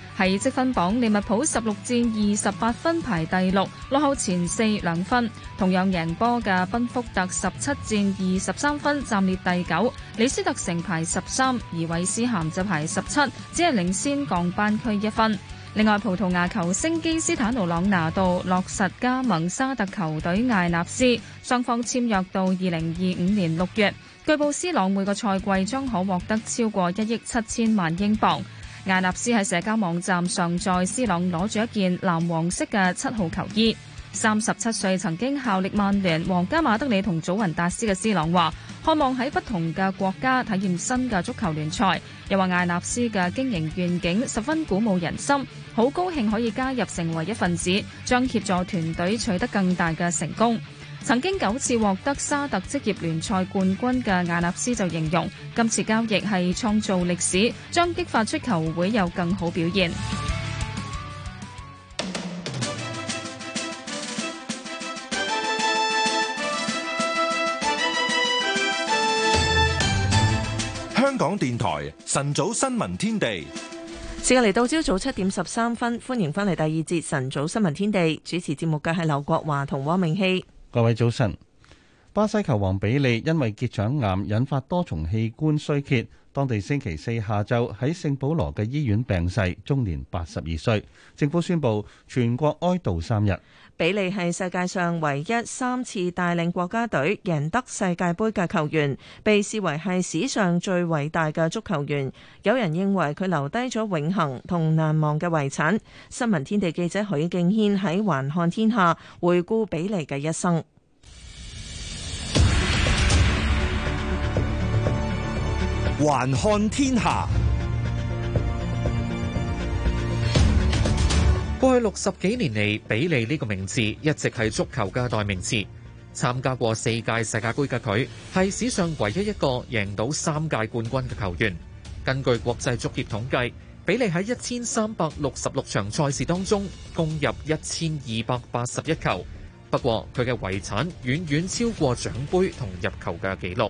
喺積分榜，利物浦十六戰二十八分排第六，落後前四兩分。同樣贏波嘅賓福特十七戰二十三分，暫列第九。李斯特城排十三，而韋斯咸就排十七，只係領先降班區一分。另外，葡萄牙球星基斯坦奴朗拿度落實加盟沙特球隊艾納斯，雙方簽約到二零二五年六月。據報，斯朗每個賽季將可獲得超過一億七千萬英鎊。艾納斯喺社交網站上載，斯朗攞住一件藍黃色嘅七號球衣，三十七歲曾經效力曼聯、皇家馬德里同祖雲達斯嘅斯朗話，渴望喺不同嘅國家體驗新嘅足球聯賽，又話艾納斯嘅經營願景十分鼓舞人心，好高興可以加入成為一份子，將協助團隊取得更大嘅成功。曾經九次獲得沙特職業聯賽冠軍嘅亞納斯就形容，今次交易係創造歷史，將激發出球會有更好表現。香港電台晨早新聞天地，時間嚟到朝早七點十三分，歡迎返嚟第二節晨早新聞天地，主持節目嘅係劉國華同汪明希。各位早晨，巴西球王比利因為結腸癌引發多重器官衰竭，當地星期四下晝喺聖保羅嘅醫院病逝，終年八十二歲，政府宣布全國哀悼三日。比利係世界上唯一三次帶領國家隊贏得世界杯嘅球員，被視為係史上最偉大嘅足球員。有人認為佢留低咗永恒同難忘嘅遺產。新聞天地記者許敬軒喺《橫看天下》回顧比利嘅一生。《橫看天下》。過去六十幾年嚟，比利呢個名字一直係足球嘅代名詞。參加過四屆世界杯嘅佢，係史上唯一一個贏到三屆冠軍嘅球員。根據國際足協統計，比利喺一千三百六十六場賽事當中攻入一千二百八十一球。不過佢嘅遺產遠遠超過獎杯同入球嘅紀錄。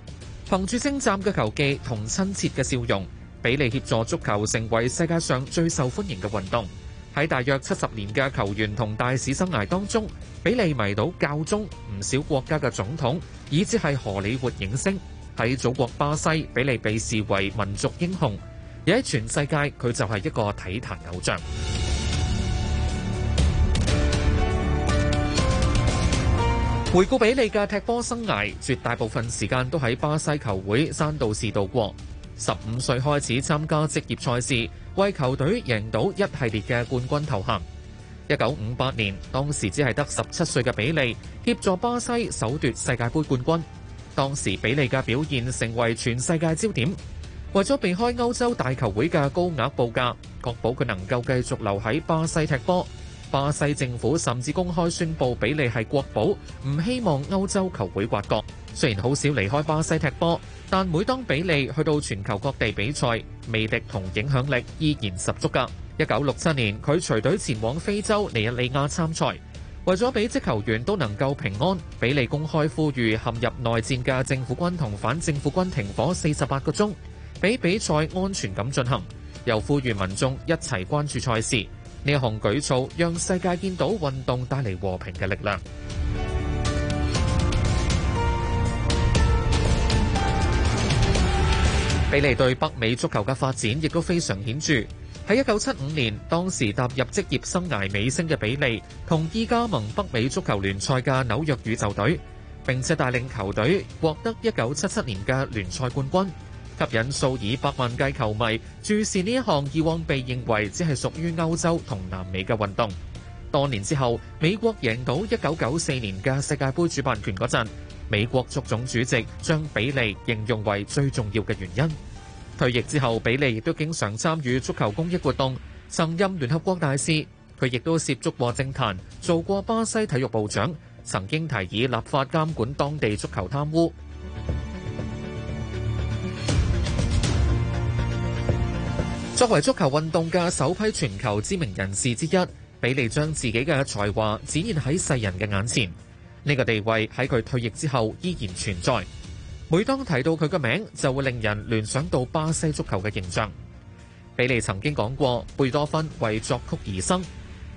憑住精湛嘅球技同親切嘅笑容，比利協助足球成為世界上最受歡迎嘅運動。喺大約七十年嘅球員同大使生涯當中，比利迷倒教宗、唔少國家嘅總統，以至係荷里活影星。喺祖國巴西，比利被視為民族英雄，而喺全世界，佢就係一個體壇偶像。 回顧比利嘅踢波生涯，絕大部分時間都喺巴西球會山度士度過，十五歲開始參加職業賽事。為球隊贏到一系列嘅冠軍頭銜。一九五八年，當時只係得十七歲嘅比利協助巴西首奪世界杯冠軍。當時比利嘅表現成為全世界焦點。為咗避開歐洲大球會嘅高額報價，確保佢能夠繼續留喺巴西踢波。巴西政府甚至公開宣布比利係國寶，唔希望歐洲球會挖角。雖然好少離開巴西踢波，但每當比利去到全球各地比賽，魅力同影響力依然十足噶。一九六七年，佢隨隊前往非洲尼日利亞參賽，為咗俾職球員都能夠平安，比利公開呼籲陷入內戰嘅政府軍同反政府軍停火四十八個鐘，俾比賽安全咁進行，又呼籲民眾一齊關注賽事。呢一項舉措讓世界見到運動帶嚟和平嘅力量。比利對北美足球嘅發展亦都非常顯著。喺一九七五年，當時踏入職業生涯尾聲嘅比利，同意加盟北美足球聯賽嘅紐約宇宙隊，並且帶領球隊獲得一九七七年嘅聯賽冠軍，吸引數以百萬計球迷注視呢一項以往被認為只係屬於歐洲同南美嘅運動。多年之後，美國贏到一九九四年嘅世界盃主辦權嗰陣，美國足總主席將比利形容為最重要嘅原因。退役之後，比利亦都經常參與足球公益活動，曾任聯合國大使。佢亦都涉足過政壇，做過巴西體育部長，曾經提議立法監管當地足球貪污。作為足球運動嘅首批全球知名人士之一，比利將自己嘅才華展現喺世人嘅眼前。呢個地位喺佢退役之後依然存在。每當提到佢嘅名，就會令人聯想到巴西足球嘅形象。比利曾經講過：貝多芬為作曲而生，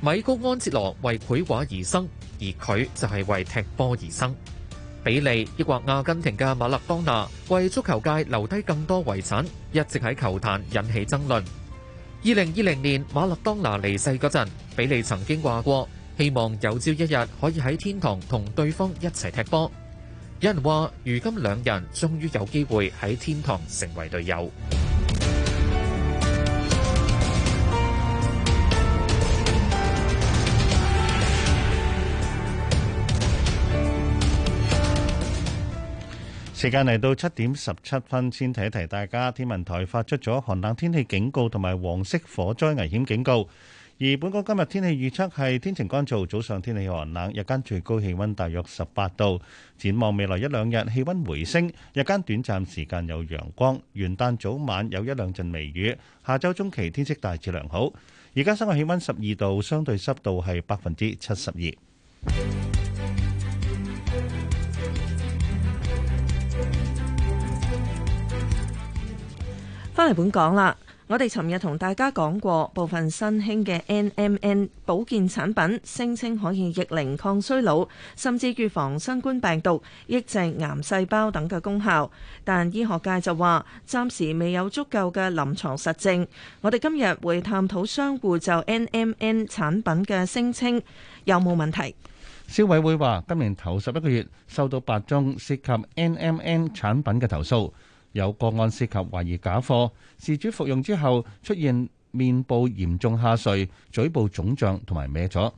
米高安哲羅為繪畫而生，而佢就係為踢波而生。比利抑或阿根廷嘅馬勒當拿，為足球界留低更多遺產，一直喺球壇引起爭論。二零二零年馬勒當拿離世嗰陣，比利曾經話過，希望有朝一日可以喺天堂同對方一齊踢波。有人話，如今兩人終於有機會喺天堂成為隊友。時間嚟到七點十七分，先提一提大家。天文台發出咗寒冷天氣警告同埋黃色火災危險警告。而本港今日天氣預測係天晴乾燥，早上天氣寒冷，日間最高氣溫大約十八度。展望未來一兩日，氣溫回升，日間短暫時間有陽光。元旦早晚有一兩陣微雨。下周中期天色大致良好。而家室外氣溫十二度，相對濕度係百分之七十二。返嚟本港啦，我哋尋日同大家講過部分新興嘅 N M N 保健產品聲稱可以逆齡、抗衰老，甚至預防新冠病毒、抑制癌細胞等嘅功效。但醫學界就話暫時未有足夠嘅臨床實證。我哋今日會探討商戶就 N M N 產品嘅聲稱有冇問題？消委會話今年頭十一個月收到八宗涉及 N M N 產品嘅投訴。有個案涉及懷疑假貨，事主服用之後出現面部嚴重下垂、嘴部腫脹同埋歪咗。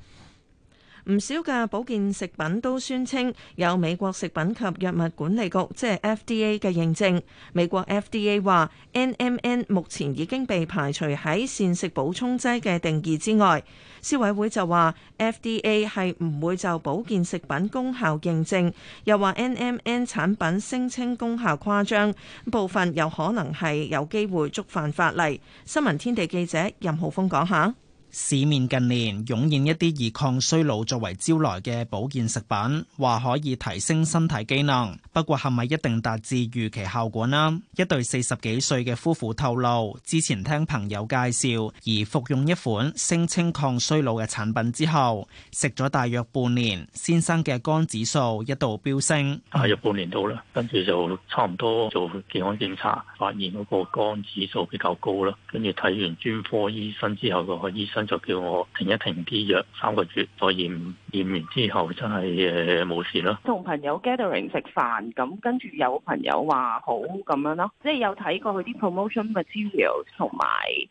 唔少嘅保健食品都宣稱有美國食品及藥物管理局，即係 FDA 嘅認證。美國 FDA 話 NMN 目前已經被排除喺膳食補充劑嘅定義之外。消委會就話 FDA 係唔會就保健食品功效認證，又話 NMN 產品聲稱功效誇張，部分有可能係有機會觸犯法例。新聞天地記者任浩峰講下。市面近年湧現一啲以抗衰老作為招徠嘅保健食品，話可以提升身體機能。不過係咪一定達至預期效果呢？一對四十幾歲嘅夫婦透露，之前聽朋友介紹而服用一款聲稱抗衰老嘅產品之後，食咗大約半年，先生嘅肝指數一度飆升。啊，有半年到啦，跟住就差唔多做健康檢查，發現嗰個肝指數比較高啦。跟住睇完專科醫生之後，嗰個醫生。就叫我停一停啲藥三個月，再驗驗完之後真係誒冇事咯。同朋友 gathering 食飯咁，跟住有朋友話好咁樣咯，即係有睇過佢啲 promotion material，同埋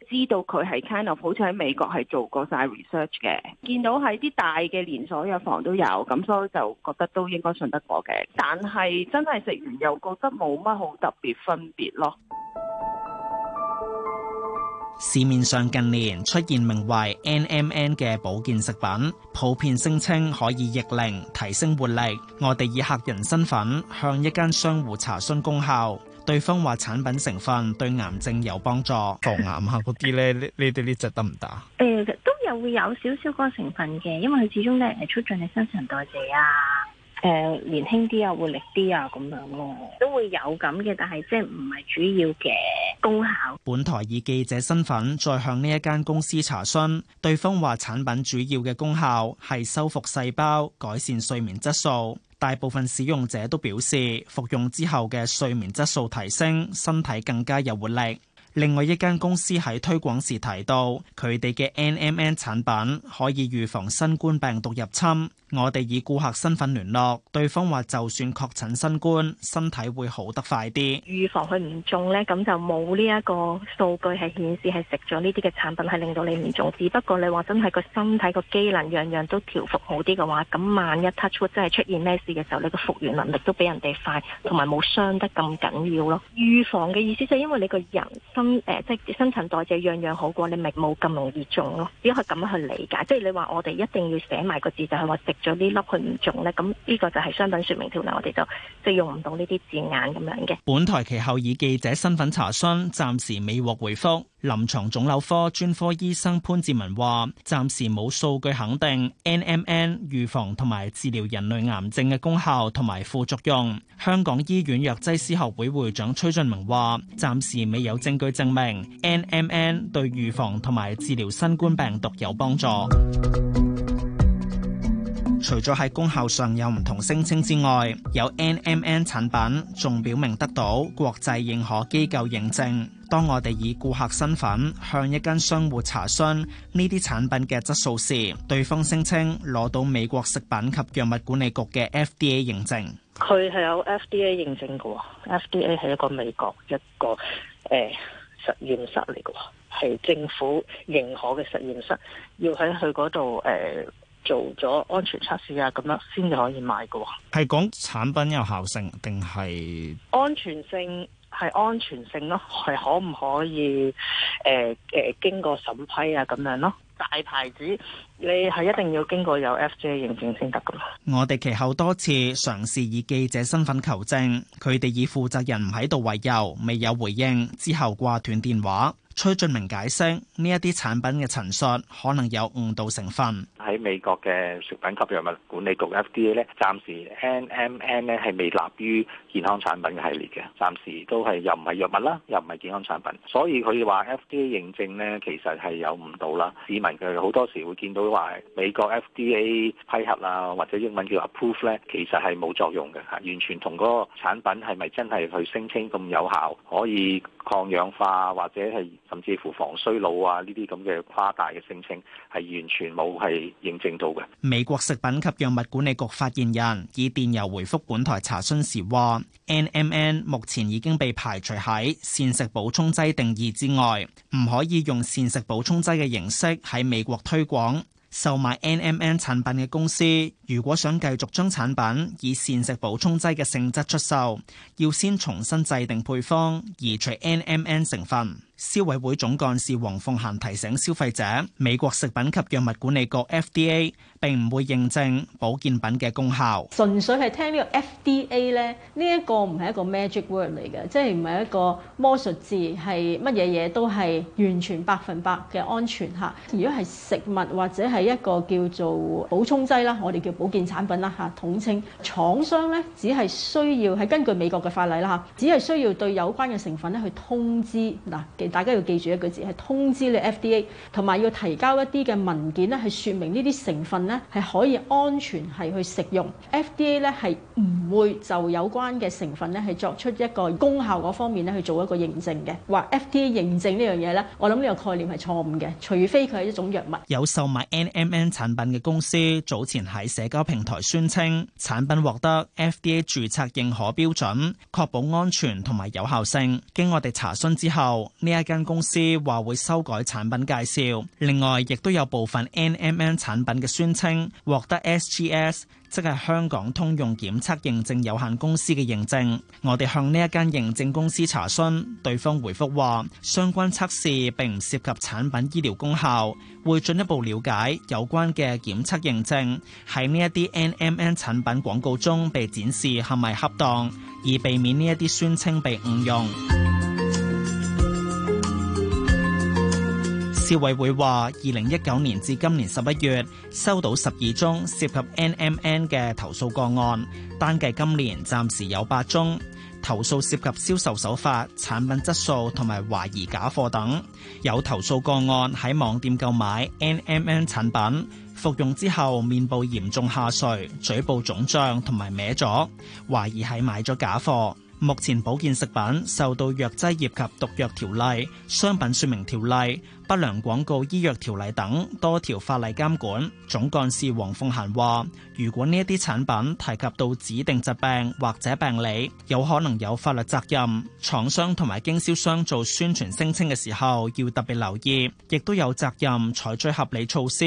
知道佢係 k i n d of，好似喺美國係做過晒 research 嘅，見到喺啲大嘅連鎖藥房都有，咁所以就覺得都應該信得過嘅。但係真係食完又覺得冇乜好特別分別咯。市面上近年出現名為 NMN 嘅保健食品，普遍聲稱可以逆齡、提升活力。我哋以客人身份向一間商戶查詢功效，對方話產品成分對癌症有幫助，防癌啊！嗰啲咧，呢啲呢隻得唔得？誒、呃，都有會有少少嗰個成分嘅，因為佢始終咧係促進你新陳代謝啊。誒，年輕啲啊，活力啲啊，咁樣咯，都會有咁嘅，但係即係唔係主要嘅功效。本台以記者身份再向呢一間公司查詢，對方話產品主要嘅功效係修復細胞、改善睡眠質素。大部分使用者都表示服用之後嘅睡眠質素提升，身體更加有活力。另外一間公司喺推廣時提到，佢哋嘅 NMN 產品可以預防新冠病毒入侵。我哋以顧客身份聯絡，對方話就算確診新冠，身體會好得快啲。預防佢唔中呢，咁就冇呢一個數據係顯示係食咗呢啲嘅產品係令到你唔中。只不過你話真係個身體個機能樣樣都調服好啲嘅話，咁萬一 touch wood 真係出現咩事嘅時候，你個復原能力都比人哋快，同埋冇傷得咁緊要咯。預防嘅意思就係因為你個人身誒、呃、即係新陳代謝樣樣好過，你咪冇咁容易中咯。只可以咁樣去理解。即係你話我哋一定要寫埋個字，就係、是、話食做呢粒佢唔中咧，咁呢個就係商品說明條例，我哋就即係用唔到呢啲字眼咁樣嘅。本台其後以記者身份查詢，暫時未獲回覆。臨床腫瘤科專科醫生潘志文話：暫時冇數據肯定 NMN 預防同埋治療人類癌症嘅功效同埋副作用。香港醫院藥劑師學會會長崔俊明話：暫時未有證據證明 NMN 對預防同埋治療新冠病毒有幫助。除咗喺功效上有唔同聲稱之外，有 NMN 產品仲表明得到國際認可機構認證。當我哋以顧客身份向一間商戶查詢呢啲產品嘅質素時，對方聲稱攞到美國食品及藥物管理局嘅 FDA 認證，佢係有 FDA 認證嘅喎，FDA 係一個美國一個誒、呃、實驗室嚟嘅，係政府認可嘅實驗室，要喺佢嗰度誒。呃做咗安全測試啊，咁樣先至可以買嘅。係講產品有效性定係安全性？係安全性咯，係可唔可以？誒、呃、誒、呃，經過審批啊，咁樣咯。大牌子你係一定要經過有 FJ 認證先得噶嘛，我哋其後多次嘗試以記者身份求證，佢哋以負責人唔喺度為由未有回應，之後掛斷電話。崔俊明解釋呢一啲產品嘅陳述可能有誤導成分。喺美國嘅食品及藥物管理局 FDA 咧，暫時 NMN 咧係未納入健康產品嘅系列嘅，暫時都係又唔係藥物啦，又唔係健康產品，所以佢話 FDA 認證咧其實係有誤導啦。市民佢好多時會見到話美國 FDA 批核啊，或者英文叫 approve 咧，其實係冇作用嘅，吓完全同嗰個產品係咪真係去聲稱咁有效可以。抗氧化或者係甚至乎防衰老啊，呢啲咁嘅誇大嘅聲稱係完全冇係認證到嘅。美國食品及藥物管理局發言人以電郵回覆本台查詢時話 N M N 目前已經被排除喺膳食補充劑定義之外，唔可以用膳食補充劑嘅形式喺美國推廣售賣 N M N 產品嘅公司。如果想繼續將產品以膳食補充劑嘅性質出售，要先重新制定配方，移除 NMN 成分。消委會總幹事黃鳳嫻提醒消費者，美國食品及藥物管理局 FDA 並唔會認證保健品嘅功效。純粹係聽呢個 FDA 咧，呢一個唔係一個 magic word 嚟嘅，即係唔係一個魔術字，係乜嘢嘢都係完全百分百嘅安全嚇。如果係食物或者係一個叫做補充劑啦，我哋叫。保健產品啦嚇統稱廠商咧，只係需要係根據美國嘅法例啦嚇，只係需要對有關嘅成分咧去通知嗱，記大家要記住一個字係通知你 FDA，同埋要提交一啲嘅文件咧，係說明呢啲成分咧係可以安全係去食用。FDA 咧係唔會就有關嘅成分咧係作出一個功效嗰方面咧去做一個認證嘅。話 FDA 認證呢樣嘢咧，我諗呢個概念係錯誤嘅，除非佢係一種藥物。有售賣 NMN 產品嘅公司早前喺社交平台宣稱產品獲得 FDA 註冊認可標準，確保安全同埋有效性。經我哋查詢之後，呢一間公司話會修改產品介紹。另外，亦都有部分 NMN 產品嘅宣稱獲得 SGS。即係香港通用檢測認證有限公司嘅認證，我哋向呢一間認證公司查詢，對方回覆話相關測試並唔涉及產品醫療功效，會進一步了解有關嘅檢測認證喺呢一啲 NMN 產品廣告中被展示係咪恰當，以避免呢一啲宣稱被誤用。消委會話，二零一九年至今年十一月收到十二宗涉及 NMN 嘅投訴個案，單計今年暫時有八宗投訴涉及銷售手法、產品質素同埋懷疑假貨等。有投訴個案喺網店購買 NMN 產品，服用之後面部嚴重下垂、嘴部腫脹同埋歪咗，懷疑係買咗假貨。目前保健食品受到藥劑業及毒藥條例、商品說明條例，不良廣告、醫藥條例等多條法例監管，總幹事黃鳳嫻話。如果呢一啲產品提及到指定疾病或者病理，有可能有法律責任。廠商同埋經銷商做宣傳聲稱嘅時候，要特別留意，亦都有責任採取合理措施，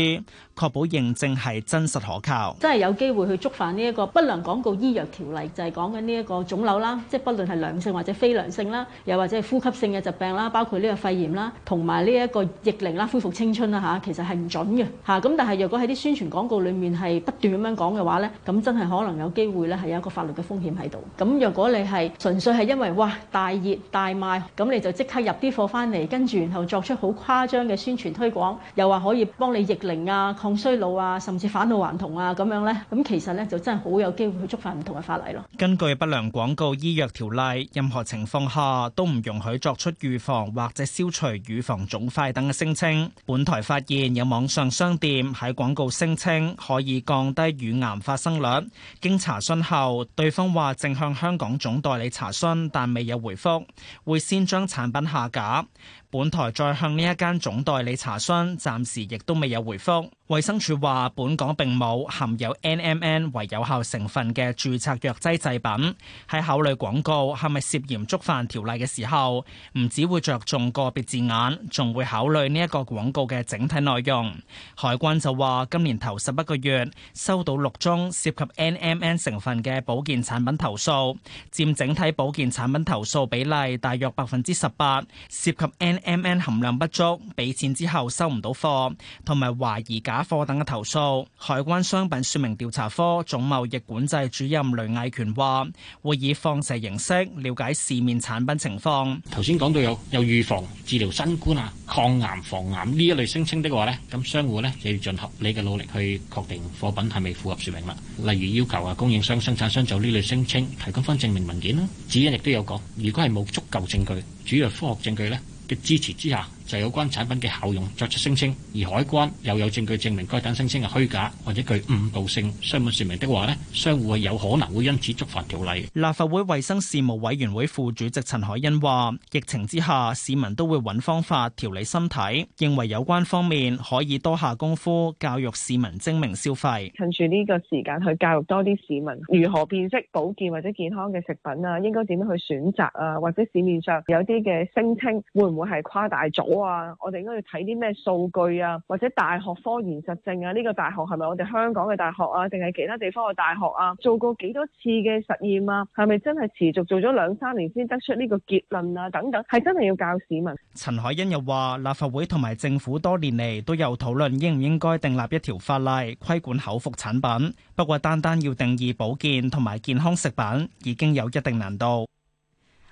確保認證係真實可靠。真係有機會去觸犯呢一個不良廣告醫藥條例，就係講緊呢一個腫瘤啦，即係不論係良性或者非良性啦，又或者係呼吸性嘅疾病啦，包括呢個肺炎啦，同埋呢一個逆齡啦、恢復青春啦嚇，其實係唔準嘅嚇。咁但係若果喺啲宣傳廣告裡面係不斷咁樣。講嘅話咧，咁真係可能有機會咧，係有一個法律嘅風險喺度。咁若果你係純粹係因為哇大熱大賣，咁你就即刻入啲貨翻嚟，跟住然後作出好誇張嘅宣傳推廣，又話可以幫你逆齡啊、抗衰老啊，甚至返老還童啊咁樣咧，咁其實咧就真係好有機會去觸犯唔同嘅法例咯。根據不良廣告醫藥條例，任何情況下都唔容許作出預防或者消除乳房腫塊等嘅聲稱。本台發現有網上商店喺廣告聲稱可以降低乳乳癌發生率。經查詢後，對方話正向香港總代理查詢，但未有回覆，會先將產品下架。本台再向呢一間總代理查詢，暫時亦都未有回覆。衛生署話，本港並冇含有 NMN 為有效成分嘅註冊藥劑製品。喺考慮廣告係咪涉嫌觸犯條例嘅時候，唔只會着重個別字眼，仲會考慮呢一個廣告嘅整體內容。海關就話，今年頭十一個月收到六宗涉及 NMN 成分嘅保健產品投訴，佔整體保健產品投訴比例大約百分之十八。涉及 NMN 含量不足，俾錢之後收唔到貨，同埋懷疑假。假貨等嘅投訴，海關商品說明調查科總貿易管制主任雷毅權話，會以放射形式了解市面產品情況。頭先講到有有預防、治療新冠啊、抗癌、防癌呢一類聲稱的話呢，咁商戶呢就要盡合理嘅努力去確定貨品係咪符合說明啦。例如要求啊供應商、生產商就呢類聲稱，提供翻證明文件啦。指引亦都有講，如果係冇足夠證據，主要係科學證據呢嘅支持之下。就有關產品嘅效用作出聲稱，而海關又有證據證明該等聲稱係虛假或者具誤導性。相關說明的話咧，商戶係有可能會因此觸犯條例。立法會衛生事務委員會副主席陳海欣話疫情之下，市民都會揾方法調理身體，認為有關方面可以多下功夫教育市民精明消費，趁住呢個時間去教育多啲市民如何辨識保健或者健康嘅食品啊，應該點樣去選擇啊，或者市面上有啲嘅聲稱會唔會係誇大咗？話我哋應該要睇啲咩數據啊，或者大學科研實證啊？呢個大學係咪我哋香港嘅大學啊，定係其他地方嘅大學啊？做過幾多次嘅實驗啊？係咪真係持續做咗兩三年先得出呢個結論啊？等等，係真係要教市民。陳海欣又話：立法會同埋政府多年嚟都有討論應唔應該訂立一條法例規管口服產品，不過單單要定義保健同埋健康食品已經有一定難度。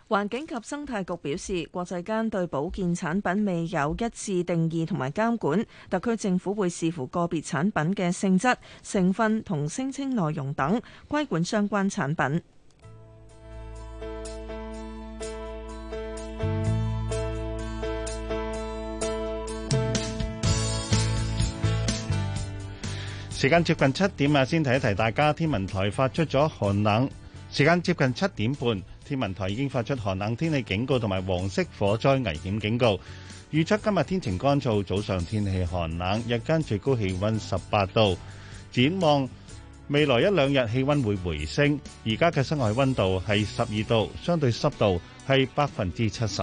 環境及生態局表示，國際間對保健產品未有一致定義同埋監管，特區政府會視乎個別產品嘅性質、成分同聲稱內容等，規管相關產品。時間接近七點啊，先提一提大家，天文台發出咗寒冷。時間接近七點半。天文台已經發出寒冷天氣警告同埋黃色火災危險警告。預測今日天晴乾燥，早上天氣寒冷，日間最高氣温十八度。展望未來一兩日氣温會回升，而家嘅室外温度係十二度，相對濕度係百分之七十。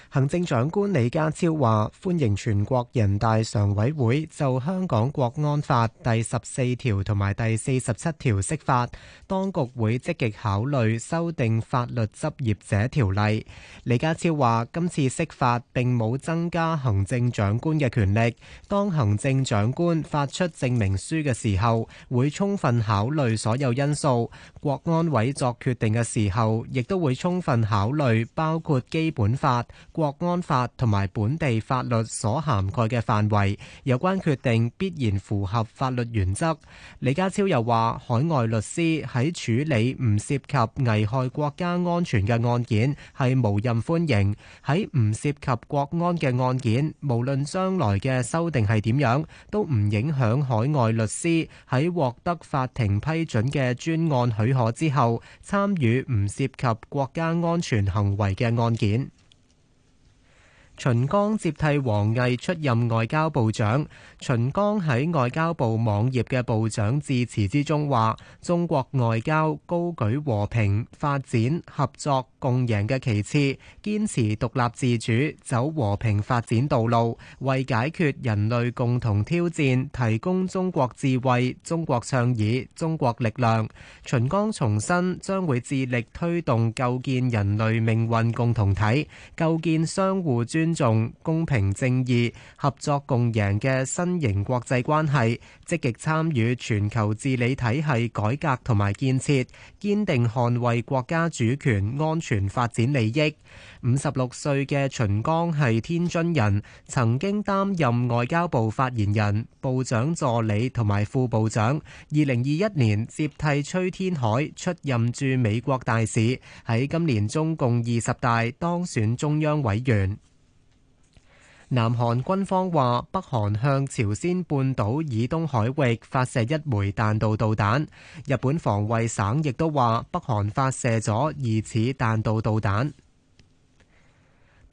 行政長官李家超話歡迎全國人大常委會就香港國安法第十四條同埋第四十七條釋法，當局會積極考慮修訂法律執業者條例。李家超話今次釋法並冇增加行政長官嘅權力，當行政長官發出證明書嘅時候，會充分考慮所有因素，國安委作決定嘅時候亦都會充分考慮，包括基本法。國安法同埋本地法律所涵蓋嘅範圍，有關決定必然符合法律原則。李家超又話，海外律師喺處理唔涉及危害國家安全嘅案件係無任歡迎。喺唔涉及國安嘅案件，無論將來嘅修訂係點樣，都唔影響海外律師喺獲得法庭批准嘅專案許可之後，參與唔涉及國家安全行為嘅案件。秦剛接替王毅出任外交部長。秦剛喺外交部網頁嘅部長致辭之中話：中國外交高舉和平、發展、合作、共贏嘅旗幟，堅持獨立自主，走和平發展道路，為解決人類共同挑戰提供中國智慧、中國倡議、中國力量。秦剛重申將會致力推動構建人類命運共同體，構建相互尊。尊重公平正義、合作共贏嘅新型國際關係，積極參與全球治理體系改革同埋建設，堅定捍衛國家主權、安全、發展利益。五十六歲嘅秦剛係天津人，曾經擔任外交部發言人、部長助理同埋副部長。二零二一年接替崔天凱出任駐美國大使，喺今年中共二十大當選中央委員。南韓軍方話，北韓向朝鮮半島以東海域發射一枚彈道導彈。日本防衛省亦都話，北韓發射咗疑似彈道導彈。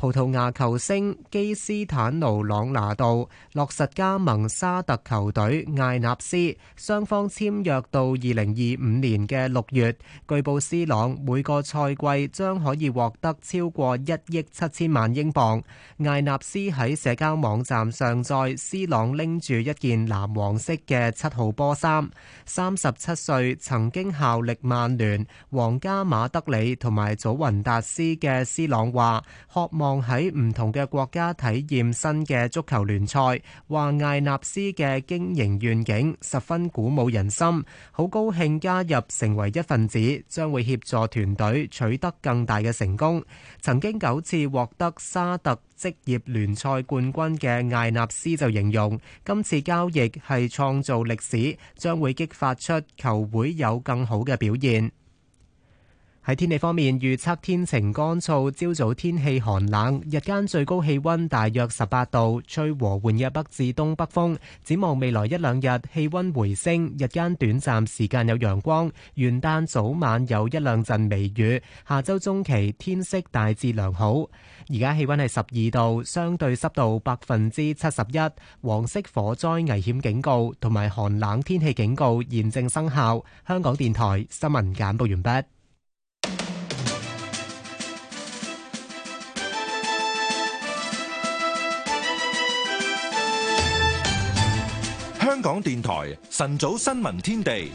葡萄牙球星基斯坦奴·朗拿度落實加盟沙特球隊艾納斯，雙方簽約到二零二五年嘅六月。據報，斯朗每個賽季將可以獲得超過一億七千萬英鎊。艾納斯喺社交網站上載斯朗拎住一件藍黃色嘅七號波衫。三十七歲，曾經效力曼聯、皇家馬德里同埋祖雲達斯嘅斯朗話，渴望。望喺唔同嘅國家體驗新嘅足球聯賽，話艾納斯嘅經營願景十分鼓舞人心，好高興加入成為一份子，將會協助團隊取得更大嘅成功。曾經九次獲得沙特職業聯賽冠軍嘅艾納斯就形容，今次交易係創造歷史，將會激發出球會有更好嘅表現。喺天氣方面，預測天晴乾燥，朝早天氣寒冷，日間最高氣温大約十八度，吹和緩嘅北至東北風。展望未來一兩日，氣溫回升，日間短暫時間有陽光。元旦早晚有一兩陣微雨。下周中期天色大致良好。而家氣溫係十二度，相對濕度百分之七十一。黃色火災危險警告同埋寒冷天氣警告現正生效。香港電台新聞簡報完畢。香港電台晨早新聞天地，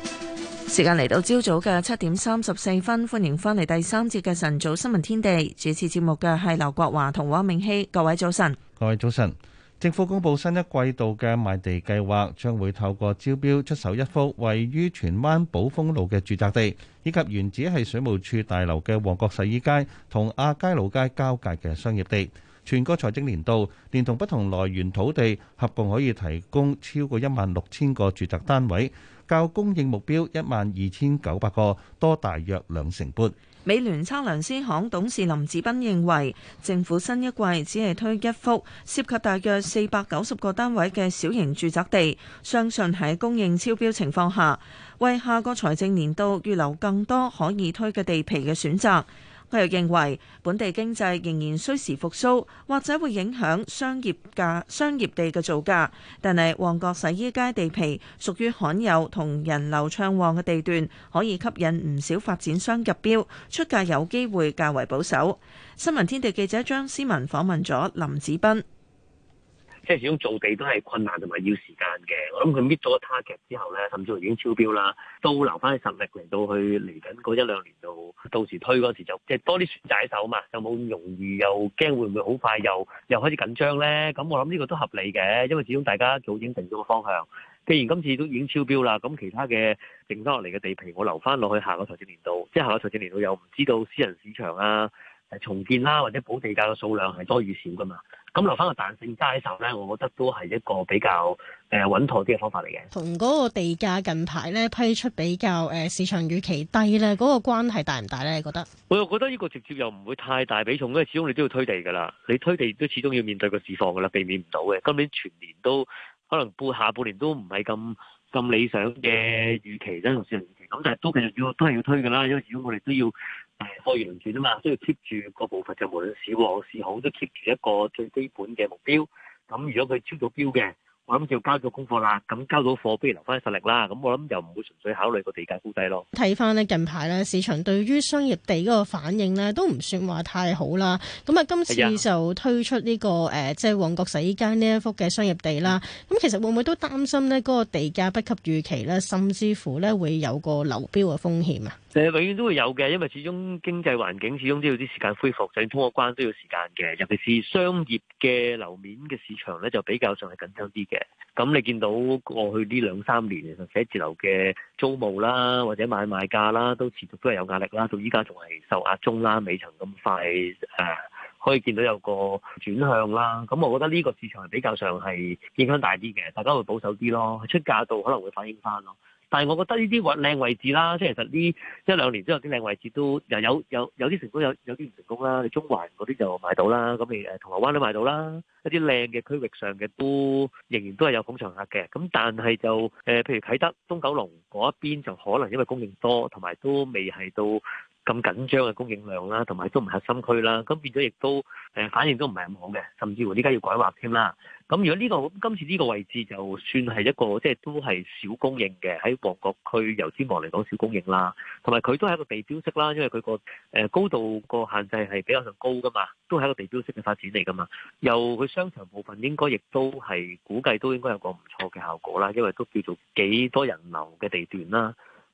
時間嚟到朝早嘅七點三十四分，歡迎翻嚟第三節嘅晨早新聞天地，主持節目嘅係劉國華同黃明熙，各位早晨，各位早晨。政府公布新一季度嘅賣地計劃，將會透過招標出售一幅位於荃灣寶豐路嘅住宅地，以及原址係水務署大樓嘅旺角洗衣街同亞皆老街交界嘅商業地。全個財政年度，連同不同來源土地，合共可以提供超過一萬六千個住宅單位，較供應目標一萬二千九百個，多大約兩成半。美聯測量師行董事林志斌認為，政府新一季只係推一幅涉及大約四百九十個單位嘅小型住宅地，相信喺供應超標情況下，為下個財政年度預留更多可以推嘅地皮嘅選擇。佢又認為本地經濟仍然需時復甦，或者會影響商業價、商業地嘅造價。但係旺角洗衣街地皮屬於罕有同人流暢旺嘅地段，可以吸引唔少發展商入標，出價有機會較為保守。新聞天地記者張思文訪問咗林子斌。即係始終造地都係困難同埋要時間嘅，我諗佢搣咗個 target 之後咧，甚至乎已經超標啦，都留翻啲實力嚟到去嚟緊嗰一兩年度，到時推嗰時就即係多啲船仔手嘛，有冇咁容易又驚會唔會好快又又開始緊張咧？咁、嗯、我諗呢個都合理嘅，因為始終大家早已經定咗個方向，既然今次都已經超標啦，咁其他嘅剩翻落嚟嘅地皮，我留翻落去下個財政年度，即係下個財政年度又唔知道私人市場啊。重建啦，或者補地價嘅數量係多與少噶嘛？咁、嗯、留翻個彈性揸喺手咧，我覺得都係一個比較誒穩、呃、妥啲嘅方法嚟嘅。同嗰個地價近排咧批出比較誒、呃、市場預期低咧，嗰、那個關係大唔大咧？你覺得？我又覺得呢個直接又唔會太大比重，因為始終你都要推地㗎啦，你推地都始終要面對個市況㗎啦，避免唔到嘅。今年全年都可能半下半年都唔係咁咁理想嘅預期，真係先。咁但係都其實要都係要推嘅啦，因為如果我哋都要誒開完輪轉啊嘛，都要 keep 住個部分，就無論是旺是好都 keep 住一個最基本嘅目標。咁如果佢超到標嘅。咁就交咗功課啦，咁交到貨不如留翻啲實力啦。咁我諗又唔會純粹考慮個地價高低咯。睇翻咧近排咧，市場對於商業地嗰個反應呢，都唔算話太好啦。咁啊，今次就推出呢、這個誒，的即係旺角洗衣街呢一幅嘅商業地啦。咁其實會唔會都擔心呢嗰個地價不及預期呢？甚至乎呢會有個流標嘅風險啊？永遠都會有嘅，因為始終經濟環境始終都要啲時間恢復，想通過關都要時間嘅。尤其是商業嘅樓面嘅市場呢，就比較上係緊張啲嘅。咁你見到過去呢兩三年，其實寫字樓嘅租務啦，或者買賣價啦，都持續都係有壓力啦。到依家仲係受壓中啦，未曾咁快誒、呃，可以見到有個轉向啦。咁我覺得呢個市場係比較上係健康大啲嘅，大家會保守啲咯，出價度可能會反映翻咯。但係，我覺得呢啲位靚位置啦，即係其實呢一兩年都有啲靚位置都又有有有啲成功，有有啲唔成功啦。你中環嗰啲就買到啦，咁咪誒銅鑼灣都買到啦，一啲靚嘅區域上嘅都仍然都係有捧場客嘅。咁但係就誒，譬如啟德、東九龍嗰一邊就可能因為供應多，同埋都未係到。咁緊張嘅供應量啦，同埋都唔係核心區啦，咁變咗亦都誒、呃、反應都唔係咁好嘅，甚至乎依家要改劃添啦。咁如果呢、呢個今次呢個位置，就算係一個即係都係小供應嘅，喺旺角區油尖旺嚟講小供應啦，同埋佢都係一個地標式啦，因為佢個誒高度個限制係比較上高噶嘛，都係一個地標式嘅發展嚟噶嘛。又佢商場部分應該亦都係估計都應該有個唔錯嘅效果啦，因為都叫做幾多人流嘅地段啦。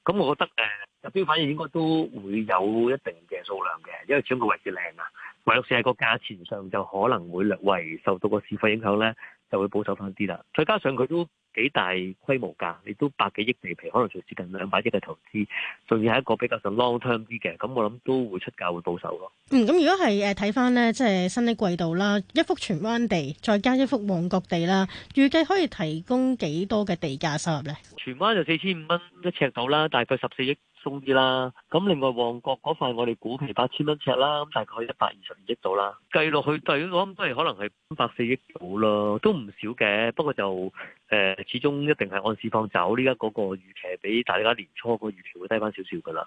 咁、嗯、我覺得誒，入、呃、標反應應該都會有一定嘅數量嘅，因為始終個位置靚啊，唯獨係喺個價錢上就可能會略為受到個市況影響咧。就會保守翻啲啦，再加上佢都幾大規模價，你都百幾億地皮，可能就接近兩百億嘅投資，仲要係一個比較上 long term 啲嘅，咁我諗都會出價會保守咯。嗯，咁如果係誒睇翻咧，即係新一季度啦，一幅荃灣地再加一幅旺角地啦，預計可以提供幾多嘅地價收入咧？荃灣就四千五蚊一尺度啦，大概十四億。鬆啲啦，咁另外旺角嗰塊我哋股期，八千蚊尺啦，咁大概一百二十二億到啦，計落去第二個咁都係可能係五百四億到咯，都唔少嘅。不過就誒、呃，始終一定係按市況走。呢家嗰個預期比大家年初個預期會低翻少少噶啦。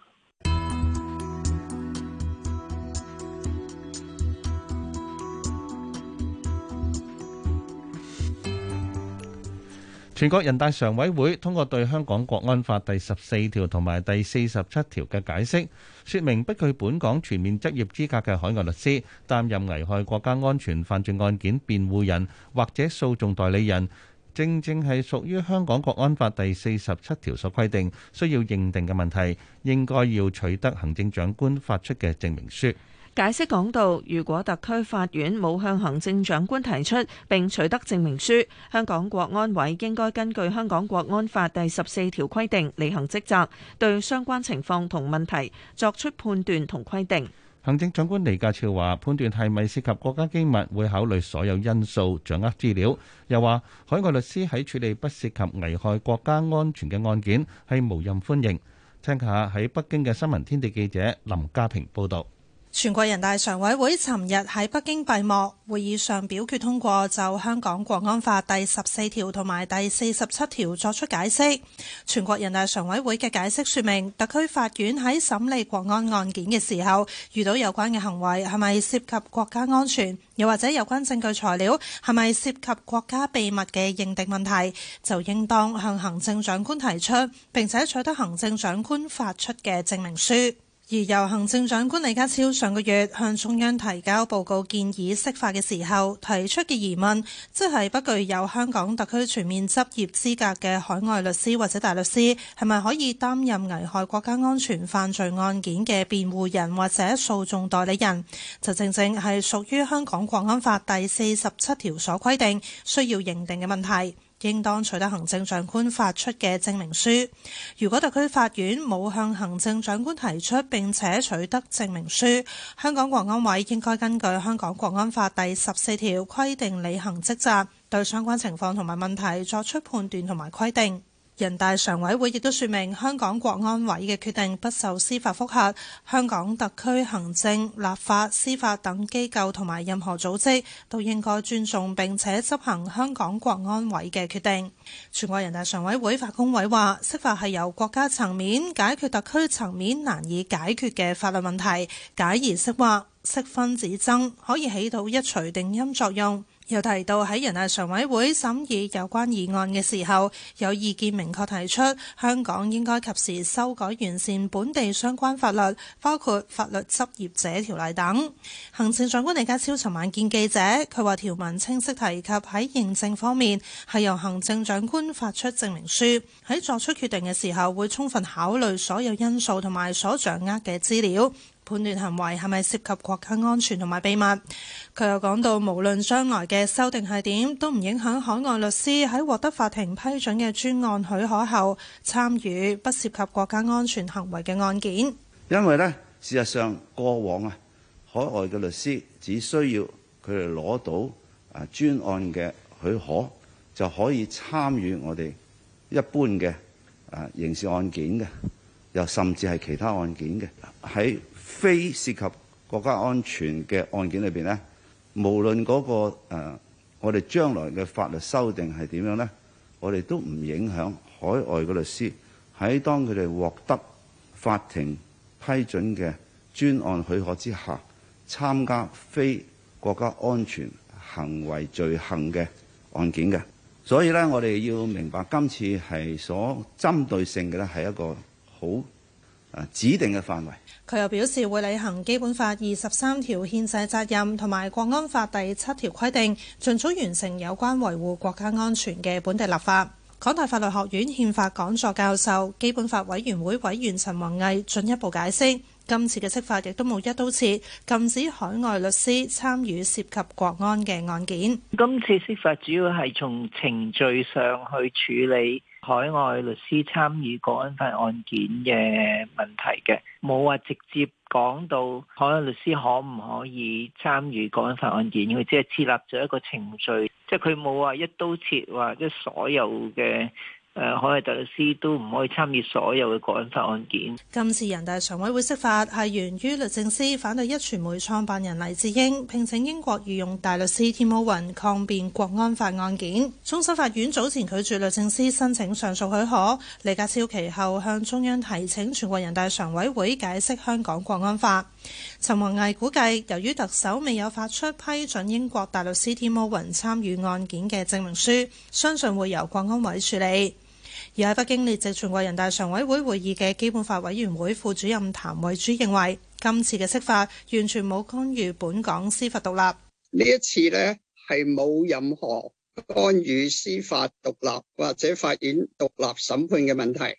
全國人大常委會通過對《香港國安法》第十四條同埋第四十七條嘅解釋，説明不具本港全面執業資格嘅海外律師擔任危害國家安全犯罪案件辯護人或者訴訟代理人，正正係屬於《香港國安法》第四十七條所規定需要認定嘅問題，應該要取得行政長官發出嘅證明書。解釋講到，如果特區法院冇向行政長官提出並取得證明書，香港國安委應該根據香港國安法第十四條規定履行職責，對相關情況同問題作出判斷同規定。行政長官李家超話：判斷係咪涉及國家機密，會考慮所有因素，掌握資料。又話，海外律師喺處理不涉及危害國家安全嘅案件係無任歡迎。聽下喺北京嘅新聞天地記者林家平報導。全國人大常委會尋日喺北京閉幕會議上表決通過就香港國安法第十四條同埋第四十七條作出解釋。全國人大常委會嘅解釋説明，特區法院喺審理國安案件嘅時候，遇到有關嘅行為係咪涉及國家安全，又或者有關證據材料係咪涉及國家秘密嘅認定問題，就應當向行政長官提出，並且取得行政長官發出嘅證明書。而由行政長官李家超上個月向中央提交報告建議釋法嘅時候提出嘅疑問，即係不具有香港特區全面執業資格嘅海外律師或者大律師，係咪可以擔任危害國家安全犯罪案件嘅辯護人或者訴訟代理人？就正正係屬於香港《國安法》第四十七條所規定需要認定嘅問題。應當取得行政長官發出嘅證明書。如果特區法院冇向行政長官提出並且取得證明書，香港國安委應該根據香港國安法第十四條規定履行職責，對相關情況同埋問題作出判斷同埋規定。人大常委會亦都說明，香港國安委嘅決定不受司法復核。香港特區行政、立法、司法等機構同埋任何組織都應該尊重並且執行香港國安委嘅決定。全國人大常委會法工委話，釋法係由國家層面解決特區層面難以解決嘅法律問題，解而釋惑，釋紛止爭，可以起到一錘定音作用。又提到喺人大常委會審議有關議案嘅時候，有意見明確提出，香港應該及時修改完善本地相關法律，包括法律執業者條例等。行政長官李家超尋晚見記者，佢話條文清晰提及喺認證方面係由行政長官發出證明書，喺作出決定嘅時候會充分考慮所有因素同埋所掌握嘅資料。判斷行為係咪涉及國家安全同埋秘密。佢又講到，無論將來嘅修訂係點，都唔影響海外律師喺獲得法庭批准嘅專案許可後參與不涉及國家安全行為嘅案件。因為呢，事實上過往啊，海外嘅律師只需要佢哋攞到啊專案嘅許可，就可以參與我哋一般嘅刑事案件嘅，又甚至係其他案件嘅喺。非涉及國家安全嘅案件裏邊咧，無論嗰個、那個、呃、我哋將來嘅法律修訂係點樣咧，我哋都唔影響海外嘅律師喺當佢哋獲得法庭批准嘅專案許可之下，參加非國家安全行為罪行嘅案件嘅。所以咧，我哋要明白今次係所針對性嘅咧，係一個好指定嘅範圍，佢又表示會履行基本法二十三條憲制責任，同埋國安法第七條規定，盡早完成有關維護國家安全嘅本地立法。港大法律學院、憲法講座教授、基本法委員會委員陳宏毅，進一步解釋。今次嘅釋法亦都冇一刀切，禁止海外律師參與涉及國安嘅案件。今次釋法主要係從程序上去處理海外律師參與國安法案件嘅問題嘅，冇話直接講到海外律師可唔可以參與國安法案件，佢只係設立咗一個程序。即係佢冇話一刀切，話，即係所有嘅誒海外大律師都唔可以參與所有嘅國安法案件。今次人大常委會釋法係源於律政司反對一傳媒創辦人黎智英聘請英國御用大律師 Tim Owen 抗辯國安法案件。終審法院早前拒絕律政司申請上訴許可，李家超其後向中央提請全國人大常委會解釋香港國安法。陳弘毅估計，由於特首未有發出批准英國大律師 Tim Owen 參與案件嘅證明書，相信會由國安委處理。而喺北京列席全國人大常委會會議嘅基本法委員會副主任譚惠珠認為，今次嘅釋法完全冇干預本港司法獨立。呢一次呢，係冇任何干預司法獨立或者法院獨立審判嘅問題。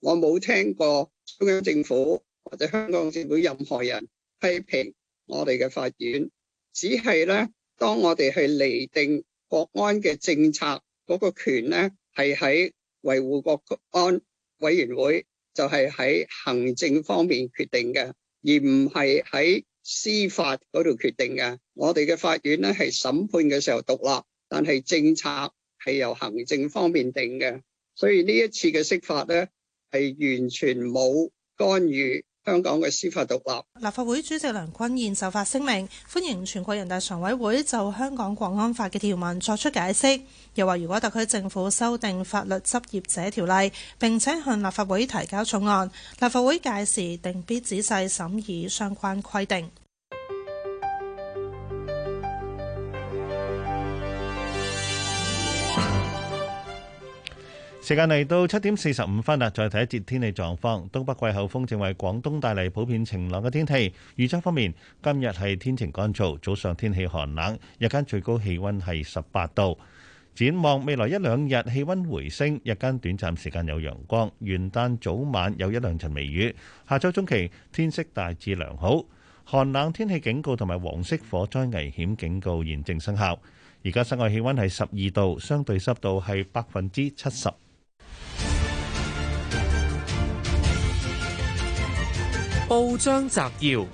我冇聽過中央政府。或者香港政府任何人批評我哋嘅法院，只係咧當我哋去釐定國安嘅政策嗰個權咧，係喺維護國安委員會，就係喺行政方面決定嘅，而唔係喺司法嗰度決定嘅。我哋嘅法院咧係審判嘅時候獨立，但係政策係由行政方面定嘅，所以呢一次嘅釋法咧係完全冇干預。香港嘅司法獨立。立法會主席梁君彥就發聲明，歡迎全國人大常委會就香港國安法嘅條文作出解釋。又話，如果特區政府修訂法律執業者條例，並且向立法會提交草案，立法會屆時定必仔細審議相關規定。時間嚟到七點四十五分啦，再睇一節天氣狀況。東北季候風正為廣東帶嚟普遍晴朗嘅天氣。預測方面，今日係天晴乾燥，早上天氣寒冷，日間最高氣温係十八度。展望未來一兩日氣温回升，日間短暫時間有陽光。元旦早晚有一兩陣微雨。下週中期天色大致良好，寒冷天氣警告同埋黃色火災危險警告現正生效。而家室外氣温係十二度，相對濕度係百分之七十。報章摘要：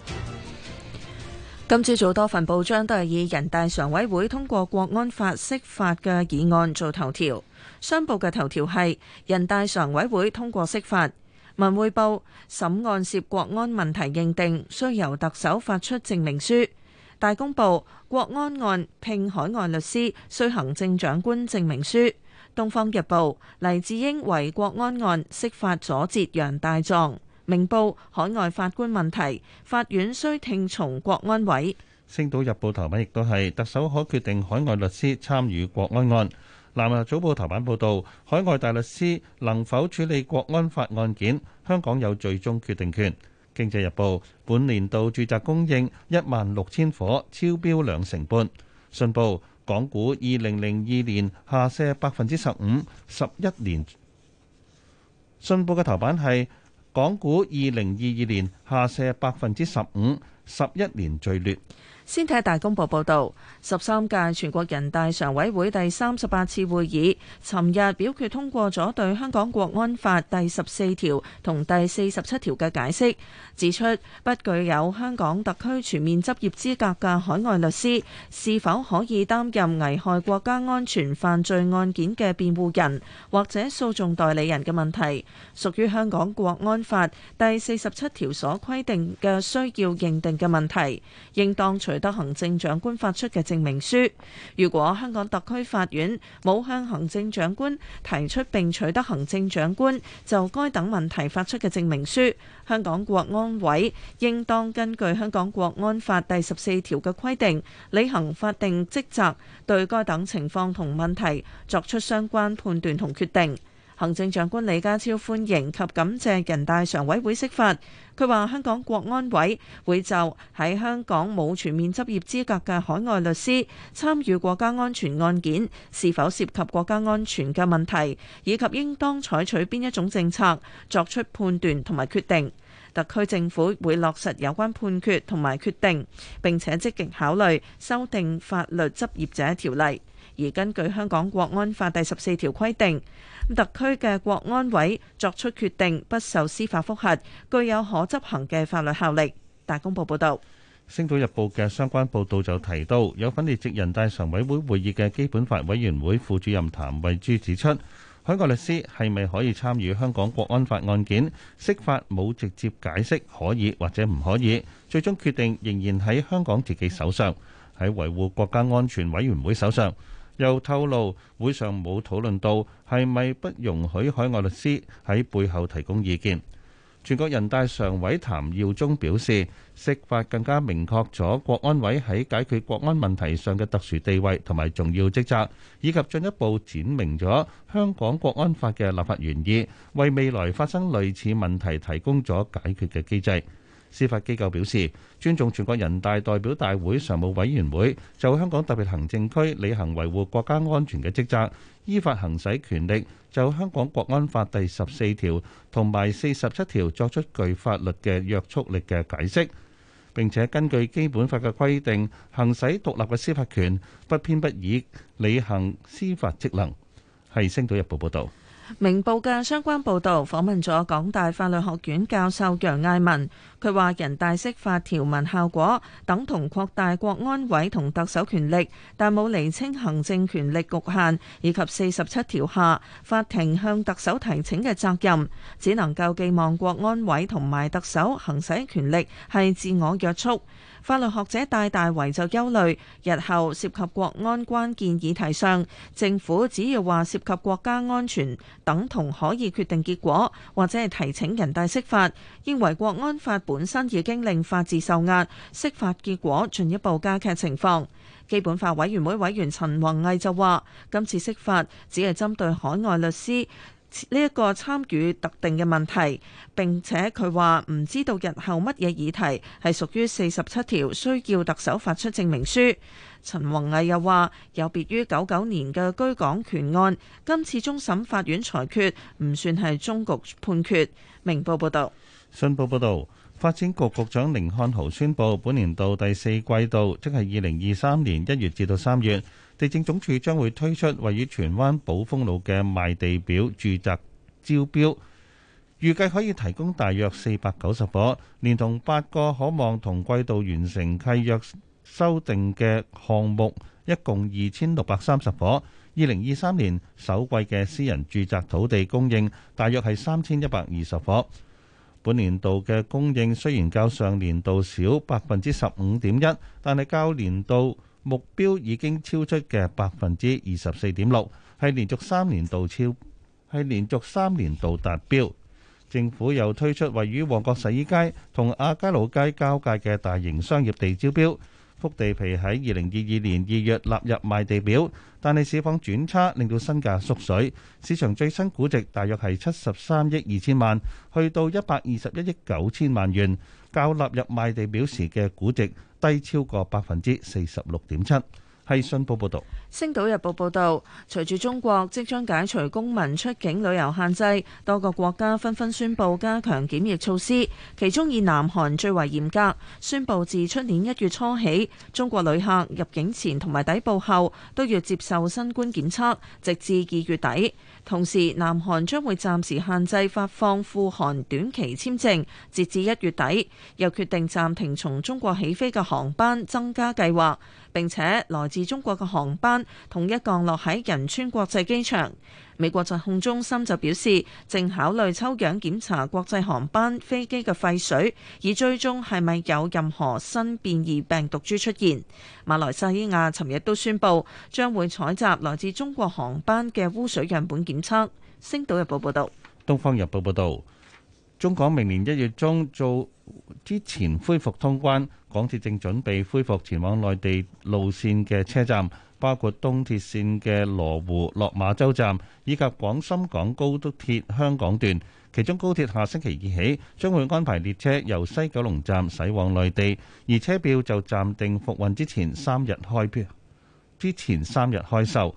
今朝早多份報章，都係以人大常委會通過國安法釋法嘅議案做頭條。商報嘅頭條係人大常委會通過釋法。文匯報審案涉國安問題認定，需由特首發出證明書。大公報國安案聘海外律師，需行政長官證明書。東方日報黎智英為國安案釋法，阻截楊大壯。明報海外法官問題，法院需聽從國安委。星島日報頭版亦都係特首可決定海外律師參與國安案。南華早報頭版報導，海外大律師能否處理國安法案件，香港有最終決定權。經濟日報本年度住宅供應一萬六千夥，超標兩成半。信報港股二零零二年下瀉百分之十五，十一年。信報嘅頭版係。港股二零二二年下瀉百分之十五，十一年最劣。先睇大公報報導，十三屆全國人大常委會第三十八次會議，尋日表決通過咗對《香港國安法》第十四條同第四十七條嘅解釋，指出不具有香港特區全面執業資格嘅海外律師，是否可以擔任危害國家安全犯罪案件嘅辯護人或者訴訟代理人嘅問題，屬於《香港國安法》第四十七條所規定嘅需要認定嘅問題，應當隨取得行政長官發出嘅證明書，如果香港特區法院冇向行政長官提出，並取得行政長官就該等問題發出嘅證明書，香港國安委應當根據香港國安法第十四條嘅規定，履行法定職責，對該等情況同問題作出相關判斷同決定。行政長官李家超歡迎及感謝人大常委會釋法。佢話：香港國安委會就喺香港冇全面執業資格嘅海外律師參與國家安全案件是否涉及國家安全嘅問題，以及應當採取邊一種政策作出判斷同埋決定。特區政府會落實有關判決同埋決定，並且積極考慮修訂法律執業者條例。而根據香港國安法第十四條規定。特區嘅國安委作出決定，不受司法覆核，具有可執行嘅法律效力。大公報報導，《星島日報》嘅相關報導就提到，有份列席人大常委會會議嘅基本法委員會副主任譚惠珠指出，海外律師係咪可以參與香港國安法案件釋法，冇直接解釋可以或者唔可以，最終決定仍然喺香港自己手上，喺維護國家安全委員會手上。又透露，會上冇討論到係咪不容許海外律師喺背後提供意見，全國人大常委譚耀宗表示，釋法更加明確咗國安委喺解決國安問題上嘅特殊地位同埋重要職責，以及進一步闡明咗香港國安法嘅立法原意，為未來發生類似問題提供咗解決嘅機制。司法機構表示，尊重全國人大代表大會常務委員會就香港特別行政區履行維護國家安全嘅職責，依法行使權力，就香港國安法第十四條同埋四十七條作出具法律嘅約束力嘅解釋，並且根據基本法嘅規定，行使獨立嘅司法權，不偏不倚，履行司法職能。係星島日報報道。明報嘅相關報導訪問咗港大法律學院教授楊艾文，佢話人大釋法條文效果等同擴大國安委同特首權力，但冇釐清行政權力局限以及四十七條下法庭向特首提請嘅責任，只能夠寄望國安委同埋特首行使權力係自我約束。法律學者戴大為就憂慮，日後涉及國安關鍵議題上，政府只要話涉及國家安全，等同可以決定結果，或者係提請人大釋法。認為國安法本身已經令法治受壓，釋法結果進一步加劇情況。基本法委員會委員陳弘毅就話：今次釋法只係針對海外律師。呢一個參與特定嘅問題，並且佢話唔知道日後乜嘢議題係屬於四十七條，需要特首發出證明書。陳弘毅又話：有別於九九年嘅居港權案，今次終審法院裁決唔算係終局判決。明報報道。信報報道，發展局局長甯漢豪宣布，本年度第四季度，即係二零二三年一月至到三月。地政總署將會推出位於荃灣寶豐路嘅賣地表住宅招標，預計可以提供大約四百九十伙，連同八個可望同季度完成契約修訂嘅項目，一共二千六百三十伙。二零二三年首季嘅私人住宅土地供應大約係三千一百二十伙。本年度嘅供應雖然較上年度少百分之十五點一，但係較年度。目標已經超出嘅百分之二十四點六，係連續三年度超，係連續三年度達標。政府又推出位於旺角洗衣街同亞皆老街交界嘅大型商業地招標。幅地皮喺二零二二年二月納入賣地表，但係市況轉差，令到身價縮水，市場最新估值大約係七十三億二千萬，去到一百二十一億九千萬元。較納入賣地表時嘅估值低超過百分之四十六點七。係信報報導，《星島日報》報道。隨住中國即將解除公民出境旅遊限制，多個國家紛紛宣布加強檢疫措施。其中以南韓最為嚴格，宣布自出年一月初起，中國旅客入境前同埋抵埗後都要接受新冠檢測，直至二月底。同時，南韓將會暫時限制發放赴韓短期簽證，截至一月底，又決定暫停從中國起飛嘅航班增加計劃。並且來自中國嘅航班統一降落喺仁川國際機場，美國疾控中心就表示，正考慮抽樣檢查國際航班飛機嘅廢水，以追蹤係咪有任何新變異病毒株出現。馬來西亞尋日都宣布，將會採集來自中國航班嘅污水樣本檢測。星島日報報道，東方日報報道，中港明年一月中做之前恢復通關。港鐵正準備恢復前往內地路線嘅車站，包括東鐵線嘅羅湖、落馬洲站，以及廣深港高鐵香港段。其中高鐵下星期二起將會安排列車由西九龍站駛往內地，而車票就暫定復運之前三日開票，之前三日開售。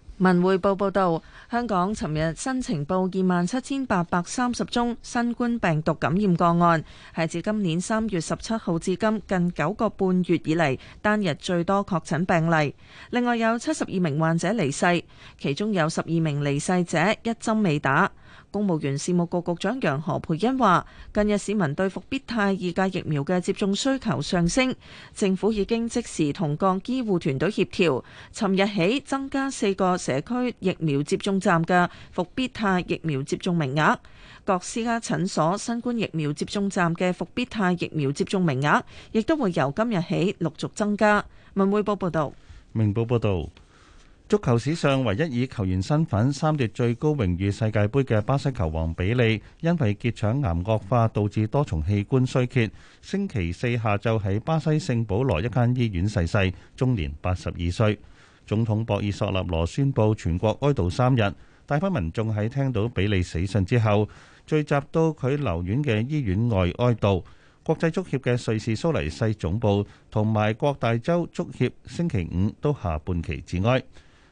文匯報報道，香港尋日新情報二萬七千八百三十宗新冠病毒感染個案，係自今年三月十七號至今近九個半月以嚟單日最多確診病例。另外有七十二名患者離世，其中有十二名離世者一針未打。公務員事務局局長楊何蓓茵話，近日市民對復必泰二價疫苗嘅接種需求上升，政府已經即時同各醫護團隊協調，尋日起增加四個社區疫苗接種站嘅復必泰疫苗接種名額，各私家診所新冠疫苗接種站嘅復必泰疫苗接種名額亦都會由今日起陸續增加。文匯報報道。明報報道。足球史上唯一以球員身份三奪最高榮譽世界盃嘅巴西球王比利，因為結腸癌惡化導致多重器官衰竭，星期四下晝喺巴西聖保羅一間醫院逝世，終年八十二歲。總統博爾索納羅宣布全國哀悼三日。大批民眾喺聽到比利死訊之後，聚集到佢留院嘅醫院外哀悼。國際足協嘅瑞士蘇黎世總部同埋各大洲足協星期五都下半旗致哀。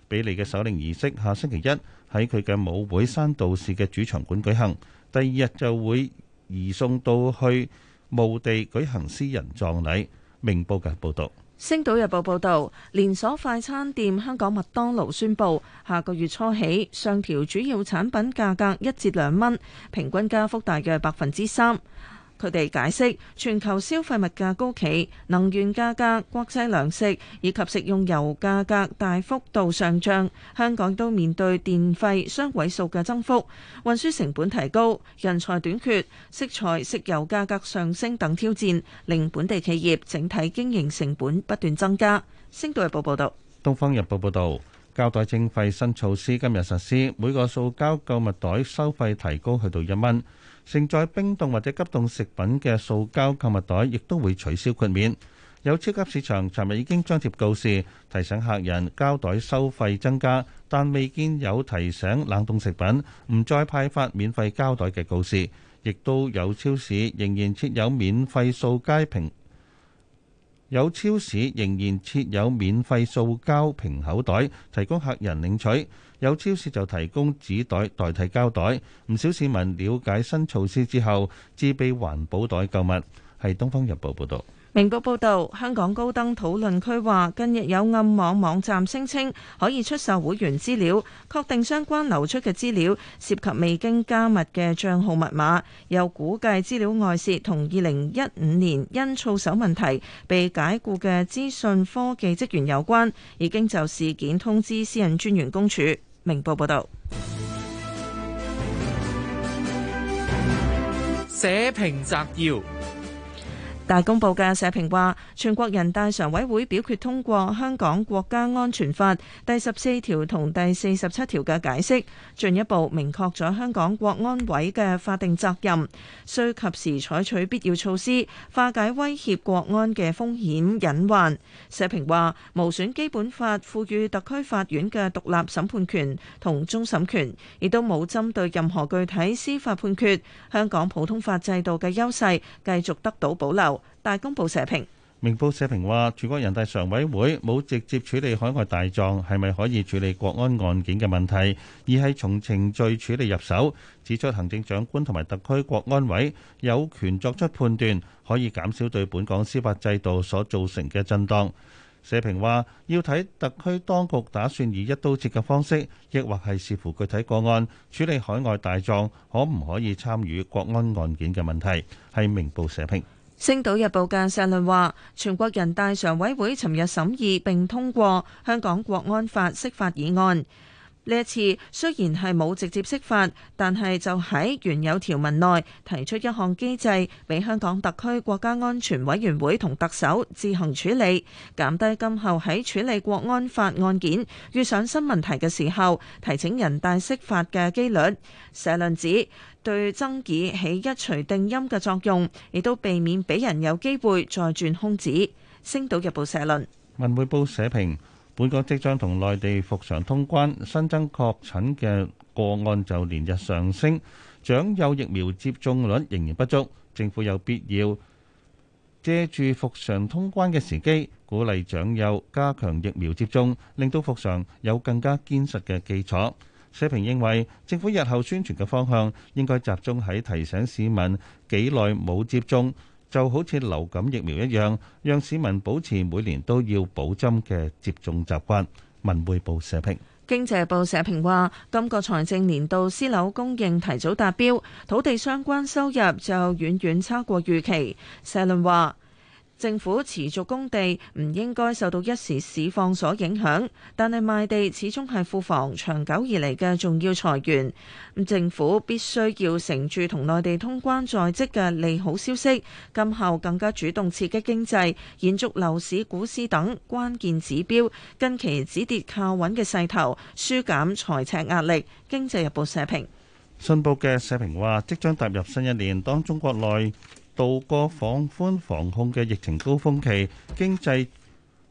比利嘅守靈儀式下星期一喺佢嘅母會山度士嘅主場館舉行，第二日就會移送到去墓地舉行私人葬禮。明報嘅報道，《星島日報》報道，連鎖快餐店香港麥當勞宣布，下個月初起上調主要產品價格一至兩蚊，平均加幅大約百分之三。佢哋解釋，全球消費物價高企、能源價格、國際糧食以及食用油價格大幅度上漲，香港都面對電費雙位數嘅增幅、運輸成本提高、人才短缺、食材、食油價格上升等挑戰，令本地企業整體經營成本不斷增加。星島日報報道。東方日報報道，膠袋徵費新措施今日實施，每個塑膠購物袋收費提高去到一蚊。盛載冰凍或者急凍食品嘅塑膠購物袋亦都會取消豁免。有超級市場尋日已經張貼告示，提醒客人膠袋收費增加，但未見有提醒冷凍食品唔再派發免費膠袋嘅告示。亦都有超市仍然設有免費塑膠瓶，有超市仍然設有免費塑膠瓶口袋，提供客人領取。有超市就提供紙袋代替膠袋，唔少市民了解新措施之後自備環保袋購物。係東方日報報道。《明報》報道，香港高登討論區話近日有暗網網站聲稱可以出售會員資料，確定相關流出嘅資料涉及未經加密嘅賬號密碼，又估計資料外泄同二零一五年因操守問題被解雇嘅資訊科技職員有關，已經就事件通知私人專員公署。明報報導，社評摘要。大公報嘅社評話，全國人大常委會表決通過《香港國家安全法》第十四條同第四十七條嘅解釋，進一步明確咗香港國安委嘅法定責任，需及時採取必要措施化解威脅國安嘅風險隱患。社評話，無損基本法賦予特區法院嘅獨立審判權同終審權，亦都冇針對任何具體司法判決，香港普通法制度嘅優勢繼續得到保留。大公報社評，明報社評話，全國人大常委會冇直接處理海外大狀，係咪可以處理國安案件嘅問題，而係從程序處理入手，指出行政長官同埋特區國安委有權作出判斷，可以減少對本港司法制度所造成嘅震盪。社評話，要睇特區當局打算以一刀切嘅方式，亦或係視乎具體個案處理海外大狀可唔可以參與國安案件嘅問題，係明報社評。《星島日報》嘅社論話，全國人大常委會尋日審議並通過《香港國安法》釋法議案。呢一次雖然係冇直接釋法，但係就喺原有條文內提出一項機制，俾香港特區國家安全委員會同特首自行處理，減低今後喺處理國安法案件遇上新問題嘅時候，提請人大釋法嘅機率。社論指對爭議起一錘定音嘅作用，亦都避免俾人有機會再轉空子。星島日報社論，文匯報社評。本港即將同內地復常通關，新增確診嘅個案就連日上升，長幼疫苗接種率仍然不足，政府有必要藉住復常通關嘅時機，鼓勵長幼加強疫苗接種，令到復常有更加堅實嘅基礎。社評認為，政府日後宣傳嘅方向應該集中喺提醒市民幾耐冇接種。就好似流感疫苗一樣，讓市民保持每年都要補針嘅接種習慣。文匯報社評，經濟報社評話，今個財政年度私樓供應提早達標，土地相關收入就遠遠超過預期。社論話。政府持續供地，唔應該受到一時市況所影響，但係賣地始終係庫房長久以嚟嘅重要財源。政府必須要承住同內地通關在即嘅利好消息，今後更加主動刺激經濟，延續樓市、股市等關鍵指標近期止跌靠穩嘅勢頭，紓減財赤壓力。經濟日報社評。信報嘅社評話，即將踏入新一年，當中國內渡過放寬防控嘅疫情高峰期，經濟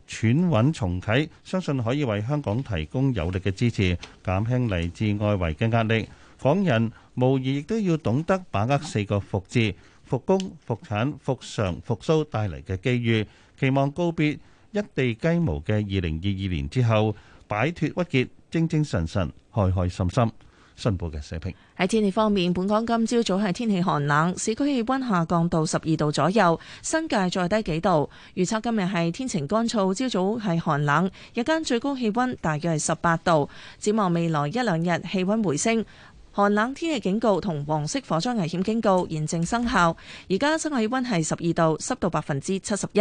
喘穩重啟，相信可以為香港提供有力嘅支持，減輕嚟自外圍嘅壓力。港人無疑亦都要懂得把握四個復字：復工、復產、復常、復甦帶嚟嘅機遇，期望告別一地雞毛嘅二零二二年之後，擺脱鬱結，精精神神，開開心心。新報嘅寫評，喺天氣方面，本港今朝早係天氣寒冷，市區氣温下降到十二度左右，新界再低幾度。預測今日係天晴乾燥，朝早係寒冷，日間最高氣温大約係十八度。展望未來一兩日氣温回升，寒冷天氣警告同黃色火災危險警告現正生效。而家室外氣温係十二度，濕度百分之七十一。